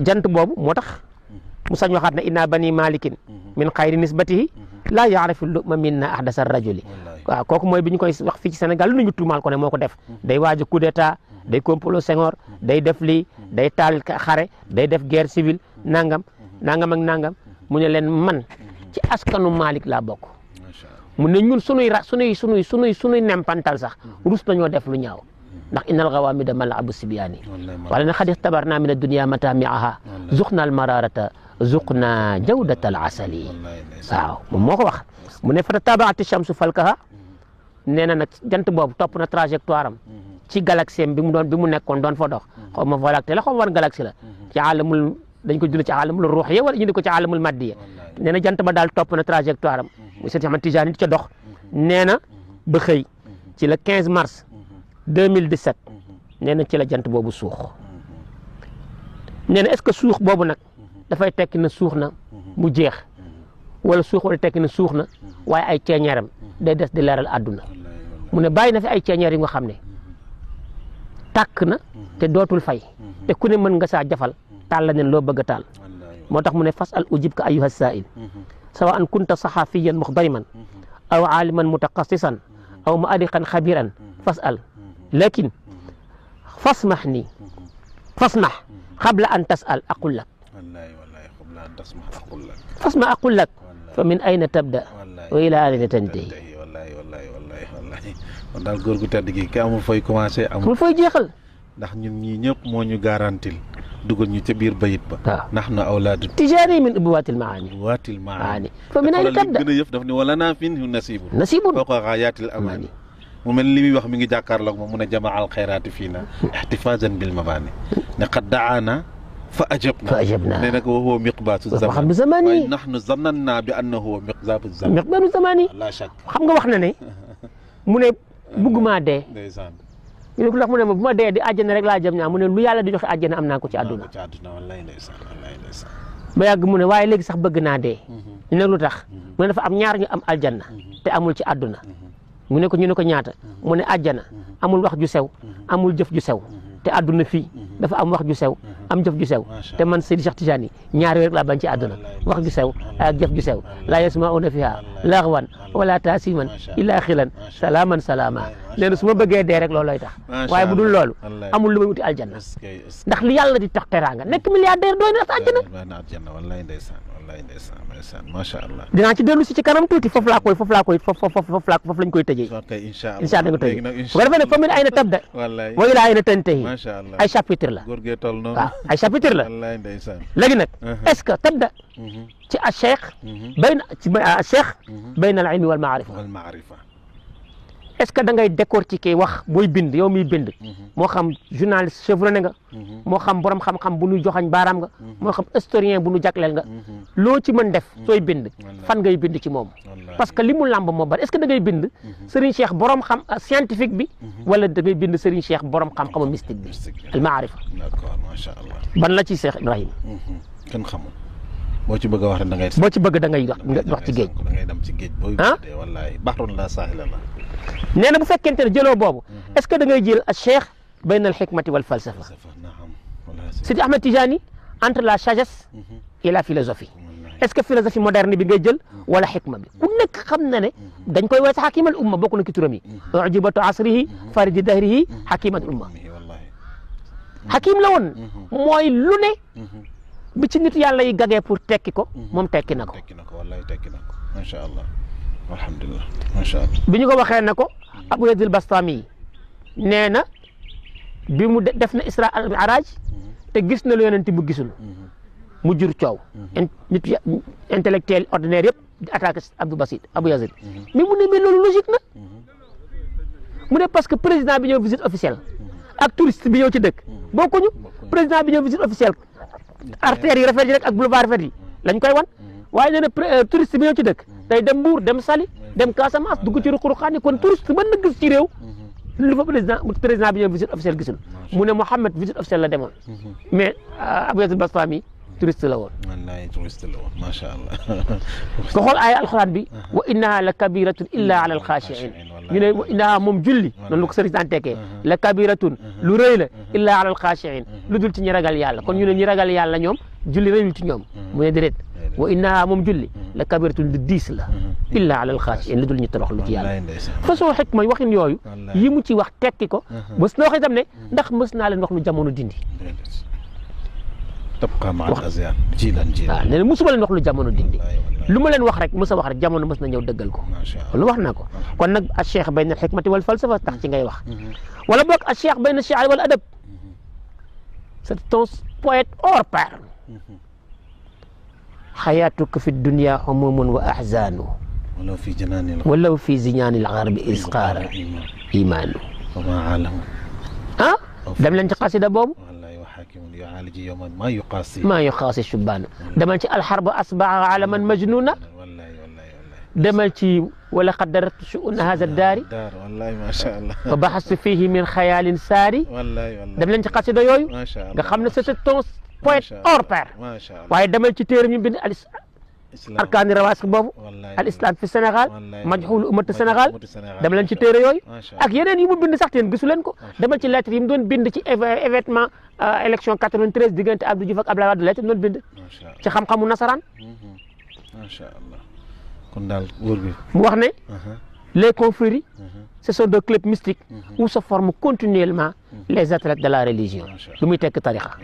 jant boobu moo tax mu sañ waxaat ne inna bani malikin laa yaarifu luma minna ahdasa rajuli waaw kooku mooy bi ñu koy wax fii ci Sénégal lu nañu tuumaal ko ne moo ko def mm-hmm. day waaj coup d'état day complot Senghor mm-hmm. day def lii mm-hmm. day taal xare day def guerre civile nangam nangam ak nangam mu ne leen man ci askanu Malick laa bokk mu ne ñun sunuy ra sunuy sunuy sunuy sunuy nempantal sax rus nañoo def lu ñaaw ndax innal gawaamida malabu sibiyaani wala na xad istabarna min addunya mataamiaha zuqna al mararata zuqna jawdata al asali waaw moom moo ko wax mu ne fata tabaati shamsu falkaha nee na nag jant boobu topp na trajectoire am ci galaxie bi mu doon bi mu nekkoon doon fa dox xaw ma Voie lactée la xaw ma war galaxie la ci àllamul dañ ko jël ci àllamul ruux ya wala ñu di ko ci àllamul maddi ya nee na jant ba daal topp na trajectoire am mu seet xam Tijaani ca dox nee na ba xëy ci le 15 mars 2017 mhm. nee na ci la jant boobu suux mhm. nee na est-ce que suux boobu nag mhm. dafay tekki na suux na mu jeex wala suux wala tekki na suux na waaye ay ceeñeeram day des di leeral àdduna mu ne bàyyi na fi ay ceeñeer yu xam ne tàkk na te dootul fay te ku ne mën nga saa jafal taal la nen loo bëgg taal moo tax mu ne fas al ujib ka ayuha sail sawa an kunta saxaafiyan muxbariman aw aaliman mutaqassisan aw ma adiqan xabiran fas al لكن فاسمحني فاسمح قبل أن تسأل أقول لك والله والله قبل أن تسمح أقول لك فاسمح أقول لك فمن أين تبدأ وإلى أين تنتهي والله والله والله والله ودال غور كو تاد كي امول فاي كومونسي امول فاي جيخال داخ نين ني نيب مو ني غارانتيل دوغل ني تي بير بايت با نحن اولاد تجاري من ابوات المعاني ابوات المعاني فمن اين تبدا غنا يف دافني ولا نافين نصيب نصيب فوق غايات الاماني mu mel li muy wax mi ngi jàkkaarloog moom mu ne jamaa al xayraati fii na ixtifaasan bil mabaani ne qad daana fa ajab na fa ajab na nee na ko huwa miqbaatu zaman waaye nahnu zannan naa bi anna huwa miqbaatu zaman miqbaatu zamani la shak xam nga wax na ne mu ne bëgguma dee ndeysaan ñu ne ko ne ma bu ma dee di àjjana rek laa jëm ñaa mu ne lu yàlla di joxe àjjana am naa ko ci àdduna ba yàgg mu ne waaye léegi sax bëgg naa dee mhm. ñu ne lu tax mhm. mu ne dafa am ñaar ñu am aljanna mhm. te amul ci àdduna mu ne ko ñu ne ko ñaata mhm. mu ne àjjana mhm. amul wax ju sew mhm. amul jëf ju sew te àdduna fi dafa am wax ju sew am jëf ju sew te man Seydi Cheikh Tidiane ñaari rek laa bañ ci àdduna wax ju sew ak jëf ju sew laa yasmauna fiha laxwan wala taasiman ilaa xilan salaaman salaama nee na su ma bëggee dee rek loolooy tax waaye bu dul loolu a lu wuti aljanna ndax li yàlla di tax teraanga nekk milliardaire doy na sa aljanna wallaay ndeysaan wallaay ndeysaan ndeysaan ci dellu si ci kanam tuuti foofu laa koy foofu laa koy foofu la foofu laa koy tëjee incha allah nga tëjee bu ko defee ne fa min ay na tabda wa ilaa ay na tantahi ay chapitre la ay chapitre la léegi nag uh-huh. tabda mm-hmm. ci acheikh. bayna ci acheikh. bayna al ilmi wal maarifa. wal maarifa. est ce que da ngay décortiquer wax booy bind yow miy bind. moo xam journaliste chevronné nga. moo xam borom xam-xam bu nu joxañ baaraam nga. moo xam historien bu nu jagleel nga. loo ci mën def sooy bind. fan ngay bind ci moom. parce que li mu làmb moo bari est ce que da ngay bind. Serigne Cheikh borom xam scientifique bi. wala da ngay bind Serigne Cheikh borom xam-xamu mystique bi. al maarifa. d'accord macha allah. ban la ci Cheikh Ibrahima. kenn xamul. boo ci bëgg a wax da ngay. ci bëgg da ngay wax ci géej. da ah? la saaxila la. nee na bu fekkente ne jëloo boobu. Mhm. est-ce que al cheikh bayna al xikmati wal falsafa. Sidi Ahmed Tijani entre la sagesse mhm. et la philosophie. est-ce bi ngay mhm. wala xikma bi ku nekk xam na ne dañ koy woowee sa xakimal umma bokk na ci turam yi ujibatu asrihi faridi dahrihi xakimal umma xakim la mooy lu bi ci nit yàlla yi gagee pour tekki ko mhm. moom tekki na ko tekki ko wallaay tekki na ko macha allah allah bi ñu ko waxee na ko mhm. Abu Yazid Bastami nee na bi mu def na Isra al Mi'raj mhm. te gis na lu ti bu gisul mu jur coow nit intellectuel ordinaire yëpp di attaqué Abdou Basid Abou Yazid mais mu ne mais loolu logique na mu ne parce que président bi ñëw visite officielle ak bi ñëw ci dëkk bokkuñu président bi ñëw visite officielle artère yi rafet yi rek ak boulevard rafet yi lañ koy wan waaye ñene touriste bi ñu ci dëkk tey dem bour dem sali dem Casamance dugg ci ruqu-ruqaan kon touriste mën na gis ci rew le fa président président bi ñu visite officielle gisul mu ne mohammed visite officielle la demone mais abou yassine Bastami touriste la won wallahi touriste la won ma sha allah ko xol ay alcorane bi wa innaha lakabiratun illa ala alkhashi'in ñu ne innaha moom julli noonu la ko sëriñ daan tekkee la kabiratun lu rëy la illaa alal xaashiin lu dul ci ñi ragal yàlla kon ñu ne ñi ragal yàlla ñoom julli rëyul ci ñoom mu ne déedéet wa innaha moom julli la kabiratun lu diis la illaa alal xaashiin lu dul ñu torox lu ci yàlla façon xikma waxin yooyu yi mu ci wax tekki ko mës na wax itam ne ndax mës naa leen wax lu jamono dindi تبقى مع الازيان جيلا جيلا آه. أيوة، أيوة. موسى ولا نخلو جامونو دندي لما لن واخ رك موسى واخ رك جامونو مسنا نيو دغال كو ما شاء الله واخنا كو كون نك الشيخ بين الحكمه والفلسفه تاع تي غاي واخ ولا بوك الشيخ بين الشعر والادب سي توس بويت اور بير حياتك في الدنيا هموم واحزان ولو في جنان الغرب ولو في زنان الغرب اسقار ايمان وما عالم ها دم لن تقاسي دبوم آه. يعالج يوما ما يقاسي ما يقاسي شبانه دمنتي الحرب اصبع على من مجنونا والله والله والله دمنتي ولقد درت شؤون هذا الدار دار والله ما شاء الله *laughs* وبحثت فيه من خيال ساري والله والله دمنتي قصيدة يوي ما شاء الله خمسة ستة تونس بوينت اوربير ما شاء الله واي دمنتي تيرمي بن arkaani rawask boobu al islam fi senegal majhul umatu sénégal dama leen ci téré yoy ak yeneen yi mu bind sax teen gisu leen ko dama ci lettre yi mu doon bind ci événement euh, élection 93 diggante Abdou Diouf ak Abdoulaye wad lettre mu doon bind ci xam-xamu nasaraan mhm. macha allah kon dal wor bi mu wax ne uh-huh. les confréries uh-huh. ce sont des clubs mystiques uh-huh. où se forment continuellement les athlètes de la religion lu muy tarikha tarixa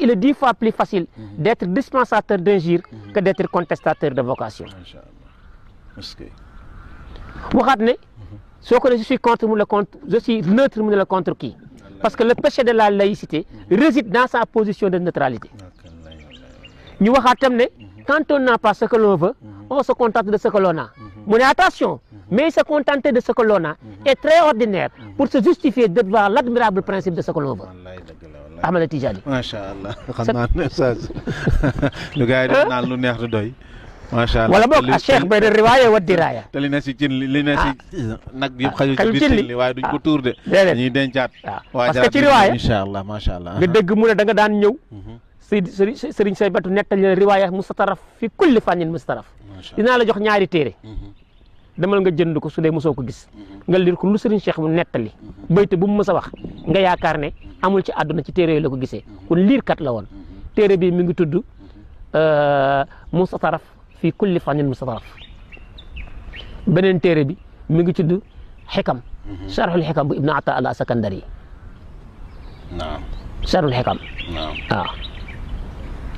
il est dix fois plus facile mhm. d'être dispensateur jure mhm. que d'être contestateur de vocation je suis le je suis neutre contre qui parce que le péché de la laïcité mhm. réside dans sa position de neutralité Nous quand on n'a pas ce que l'on veut on se contente de ce que l'on a Mais attention mais se contenter de ce que l'on a est très ordinaire pour se justifier de voir l'admirable principe de ce que l'on veut Ahmada Tidiane. macha allah xam *laughs* lu gars yi doon naan lu neex du doy. macha allah wala boog ak cheikh bay riwaaya wa diraaya te li ne si cin li li si ah. nag yëpp xajul ci biir cin li waaye duñ ko ah. tuur de dañuy dencaat ah. waaw parce que ci riwaaya incha allah macha dégg mu ne da daan ñëw mhm. sëriñ sëriñ say batu nettal riwaaya mustataraf fi kulli fànnin mustaraf dinaa la jox ñaari téere mhm. demal nga jënd ko su dee mosoo ko gis nga liir ko lu Serigne mu nettali bayte bu mu mës a wax nga yaakaar ne amul ci àdduna ci téere yooyu la ko gisee kon liirkat la woon téere bi mi ngi tudd euh, mustataraf fii kulli fanin mustataraf beneen téere bi mi ngi tudd xikam charxul xikam bu ibnu ata ala sakandari waaw charxul xikam waaw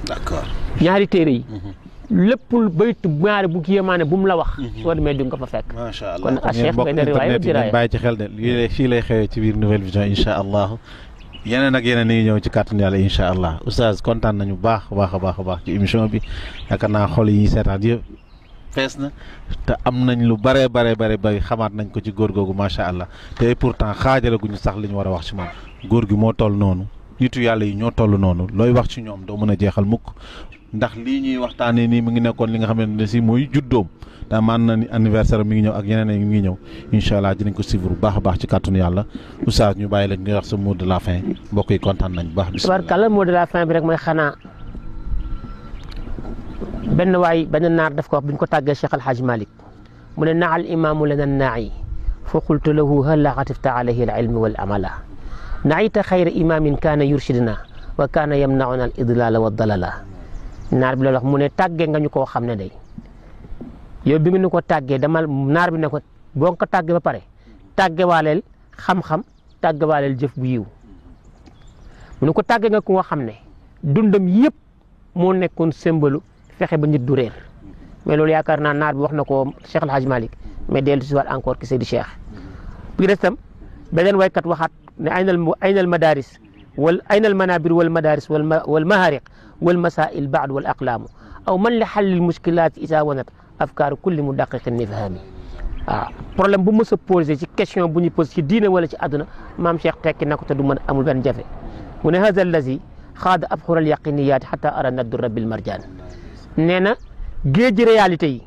d'accord ñaari téere yi mhm. lépp baytu ñaari bu yéemaane bu mu la wax. Mhm. soo demee di nga ko fa fekk. macha allah kon a Cheikh ngay dari waaye xel de lii lay xewee ci biir Nouvelle Vision incha allah. yeneen ak yeneen ni ñëw ci kàttan yàlla incha allah oustaz kontaan nañu baax a baax a baax a baax ci émission bi yaakaar naa xol yi ñuy seetaan fees na te am nañ lu bare bare bare bay xamaat nañ ko ci góor googu macha allah te pourtant xaajale gu ñu sax li ñu war a wax ci moom góor gi moo toll noonu nitu yàlla yi ñoo toll noonu looy wax ci ñoom doo mën a jeexal mukk ndax li ñuy waxtaanee ni mu ngi nekkoon li nga xamante ne si mooy juddoom daa maan na anniversaire mi ngi ñëw ak yeneen yi mi ngi ñëw incha allah dinañ ko suivre bu baax a baax ci kàttanu yàlla oustaz ñu bàyyi la nga wax sa mot de la fin mbokk yi kontaan nañ bu baax bisimilah tabarkàlla mot de la fin bi rek mooy xanaa benn waay benn naar daf ko wax bi ñu ko tàggee Cheikh Al Hadj Malick mu ne naal imaamu lana naayi fa qultu lahu hal la atifta alayhi al ilmi wal amala naayta xayra imaamin kaana yurshiduna wa kaana yamnauna al idlala wa dalala nar bi la wax mu ne nga ñu koo xam day yow bi nga ñu ko tàggee dama naar bi ne ko boo ko tagge ba pare tagge walel xam xam-xam tagge walel jëf bu yiw mu ne ko tàggee nga ko xamne dundam yëpp mo nekkon sembalu fexe ba nit du réer mais loolu yaakar na nar bi wax nako Cheikh alhaj malik mais delu ci waat encore ki Seydi Cheikh bi restam benen way kat waxat ne aynal aynal madaris wal aynal manabir wal madaris wal wal maharik والمسائل بعد والأقلام أو من لحل المشكلات إذا ونت أفكار كل مدقق نفهمي آه. problème بمو سبوزي جي كشيون بني بوزي دين ولا جي أدنى ما مشيخ تاكي ناكو تدوم أمول بان جافي من هذا الذي خاد أبخور اليقينيات حتى أرى ندر رب المرجان نينا جيج رياليتي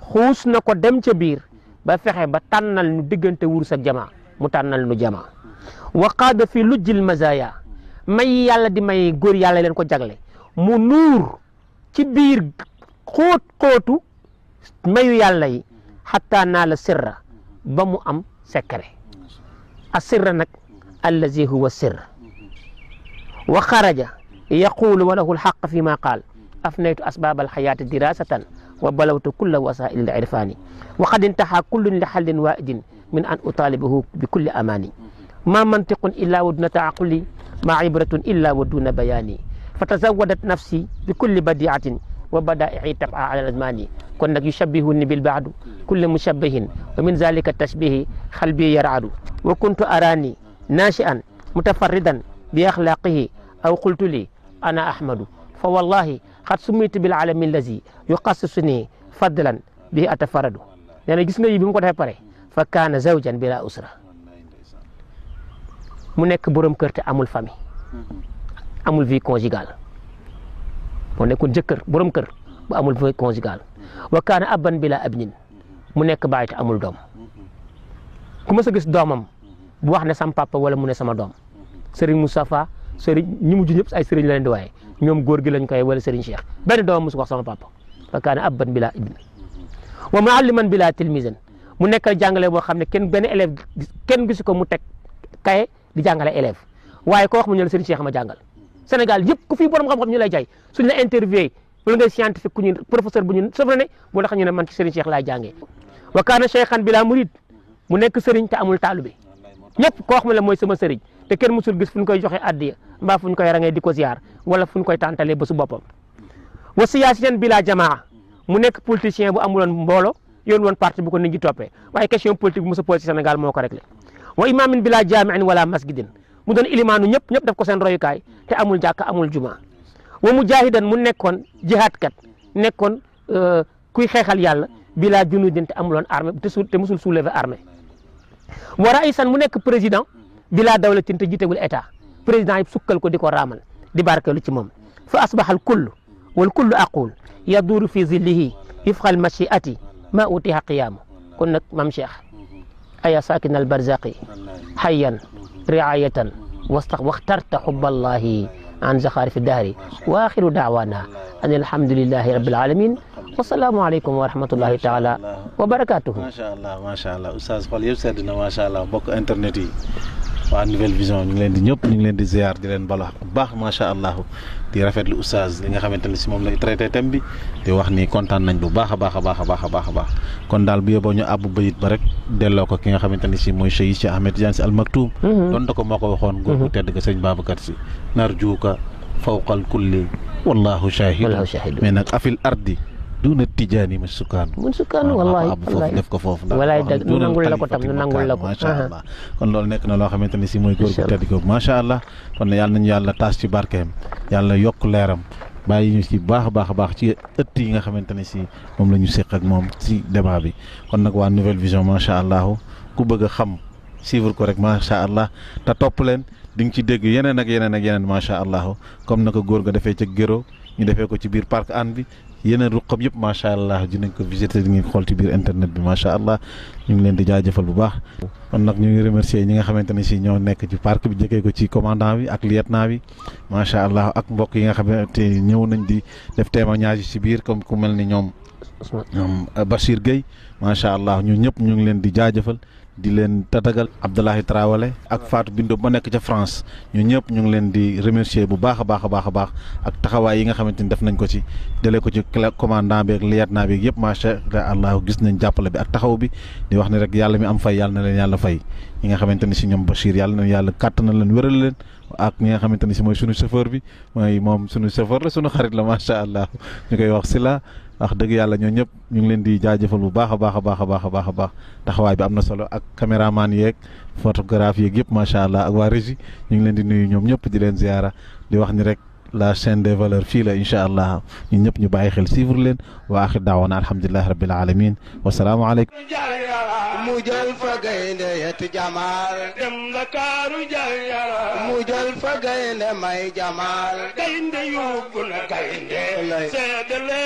خوص نكو دم تبير بفخي بطنال ندقن تورس الجماعة متنال نجماعة وقاد في لج المزايا ما يالا دي ما يغور يالا لنكو جاغلي mu nur ci bir xoot xootu mayu yalla yi hatta nala sirra ba mu am secret asirra nak allazi huwa sir wa kharaja يقول وله الحق فيما قال افنيت اسباب الحياه دراسه وبلوت كل وسائل العرفان وقد انتهى كل لحل وائد من ان اطالبه بكل اماني ما منطق الا ودون تعقلي ما عبره الا ودون بياني فتزودت نفسي بكل بديعة وبدائع تبقى على الأزمان كنا يشبهني بالبعد كل مشبه ومن ذلك التشبيه خلبي يرعد وكنت أراني ناشئا متفردا بأخلاقه أو قلت لي أنا أحمد فوالله قد سميت بالعالم الذي يقصصني فضلا به أتفرد يعني جسنا يبيم قد هبره فكان زوجا بلا أسرة mu nekk أم الفمي amul vie conjugale mo nekkoon jeuker borom keur bu amul vie conjugale wa kana abban bila abnin mu nek bayti amul dom ku ma sa gis domam bu wax ne sama papa wala mu ne sama dom Serigne Moustapha Serigne ñi mujj ñëpp ay Serigne la len di waye ñom gi lañ koy wala Serigne Cheikh ben dom musu wax sama papa wa kana abban bila ibn wa mualliman bila tilmizan mu nekkal jangale bo xamne ken ben benn élève kenn gisu mu tek kay di jangale élève waye ko wax mu ñu Serigne Cheikh ma Sénégal yëpp ku fi borom xam-xam ñu lay jaay suñ la interviewé wala ngay scientifique ku ñu professeur bu ñu sofrane bu tax ñu ne man ci Serigne Cheikh laay jàngee wa bila murid mu nekk Serigne te amul taalibe ñëpp koo xam ne mooy sama Serigne te kenn musul gis fu ñu koy joxe addiya mbaa fu ñu koy rangee di ko ziar wala fu ñu koy tàntalee ba su boppam wa siyaasiyan bila jamaa mu nekk politicien bu amuloon mboolo yoon woon parti bu ko nit ñi toppee waaye a posé Sénégal moo mu don ilimaanu ñep ñep def ko seen royukaay te amul jàkka amul juma wa mujahidan mu jihad kat nekkon kuy xexal yàlla bila junudin te amulon armée te musul soulever armée wa raisan mu nekk président bila dawlatin te jiitewul état président yëpp sukkal ko diko ramal di barkelu ci mom fa asbaxal kull wal kull aqul yaduuru fi zillihi yufxal mashiati ma utiha qiyaamu kon nak mam Cheikh أي ساكن البرزاقي حيا رعاية واخترت حب الله عن زخارف الدهر وآخر دعوانا أن الحمد لله رب العالمين والسلام عليكم ورحمة الله تعالى وبركاته ما شاء الله ما شاء الله أستاذ خالي yëpp ما شاء الله sha انترنتي وعن internet فيزيون waa دي Vision ñu ngi leen di ñëpp ñu ngi leen di di rafetlu oustaz li nga xamante ne si moom lay traité thème bi di wax ni kontaan nañ bu baax a baax baax a baax a baax a baax kon daal bu yóbboo ñu àbb bayit ba rek delloo ko ki nga xamante ne si mooy Cheikh si Ahmed Tidiane Sy Al Maktoum mhm. donte ko moo ko waxoon góor gu mhm. tedd ga sëñ Babacar Sy narjuuka fawqal kulli wallahu shahid mais afil ardi duuna tijaani ma sukkandu. mun sukkandu wallaahi wallaahi def ko foofu. wallaahi dëgg nu nangul la ko tam nu nangul la ko macha allah kon loolu nekk na loo xamante ne si mooy góor gu tedd googu macha allah kon yàlla nañu yàlla taas ci barkeem yàlla yokk leeram bàyyi ñu ci baax a baax a baax ci ëtt yi nga xamante ne si moom la ñu séq ak moom si débat bi kon nag waa nouvelle vision macha allah ku bëgg xam suivre ko rek macha allah te topp leen di nga ci dégg yeneen ak yeneen ak yeneen macha allah comme na ko góor ga defee ca ñu defee ko ci biir parc an yeneen ruqam yëpp macha allah dinañ ko visiter di ngeen xool ci biir internet bi macha allah ñu ngi leen di jaajëfal bu baax. kon nag ñu ngi remercier ñi nga xamante ne si ñoo nekk ci parc bi jëkkee ko ci commandant bi ak lieutenant bi macha allah ak mbokk yi nga xamante ñëw nañ di def teema ñaar yi ci biir comme ku mel ni ñoom. ñoom Bachir Gueye macha allah ñun ñëpp ñu ngi leen di jaajëfal. di leen tatagal Abdoulaye Traoré ak Fatou Bindo ba nekk ca France ñoo ñëpp ñu ngi leen di remercier bu baax a baax a baax a baax ak taxawaay yi nga xamante ni def nañ ko ci dalee ko ci commandant bi ak lieutenant bi yëpp macha allah gis nañ jàppale bi ak taxaw bi di wax ne rek yàlla mi am fay yàlla na leen yàlla fay ñi nga xamante ni si ñoom Bachir yàlla na yàlla kàttanal leen wéral leen ak ñi nga xamante ni si mooy sunu chauffeur bi mooy moom sunu chauffeur la sunu xarit la macha allah ñu koy wax si la wax dëgg yàlla ñoo ñëpp ñu ngi leen di jaajëfal bu baax a baax a baax a baax a baax a baax taxawaay bi am na solo ak caméraman yeeg photographe yeeg yëpp macha allah ak waa régie ñu ngi leen di nuyu ñoom ñëpp di leen ziara di wax ni rek. la chaîne des valeurs fii la incha allah ñun ñëpp ñu bàyyi xel suivre leen wa axir daawana alhamdulilahi rabbil alamin wasalaamualeykum mu jël fa gaynde yet jamaal dem Ndakaaru jal yara mu jël fa gaynde may jamaal gaynde yóbbu na gaynde seedale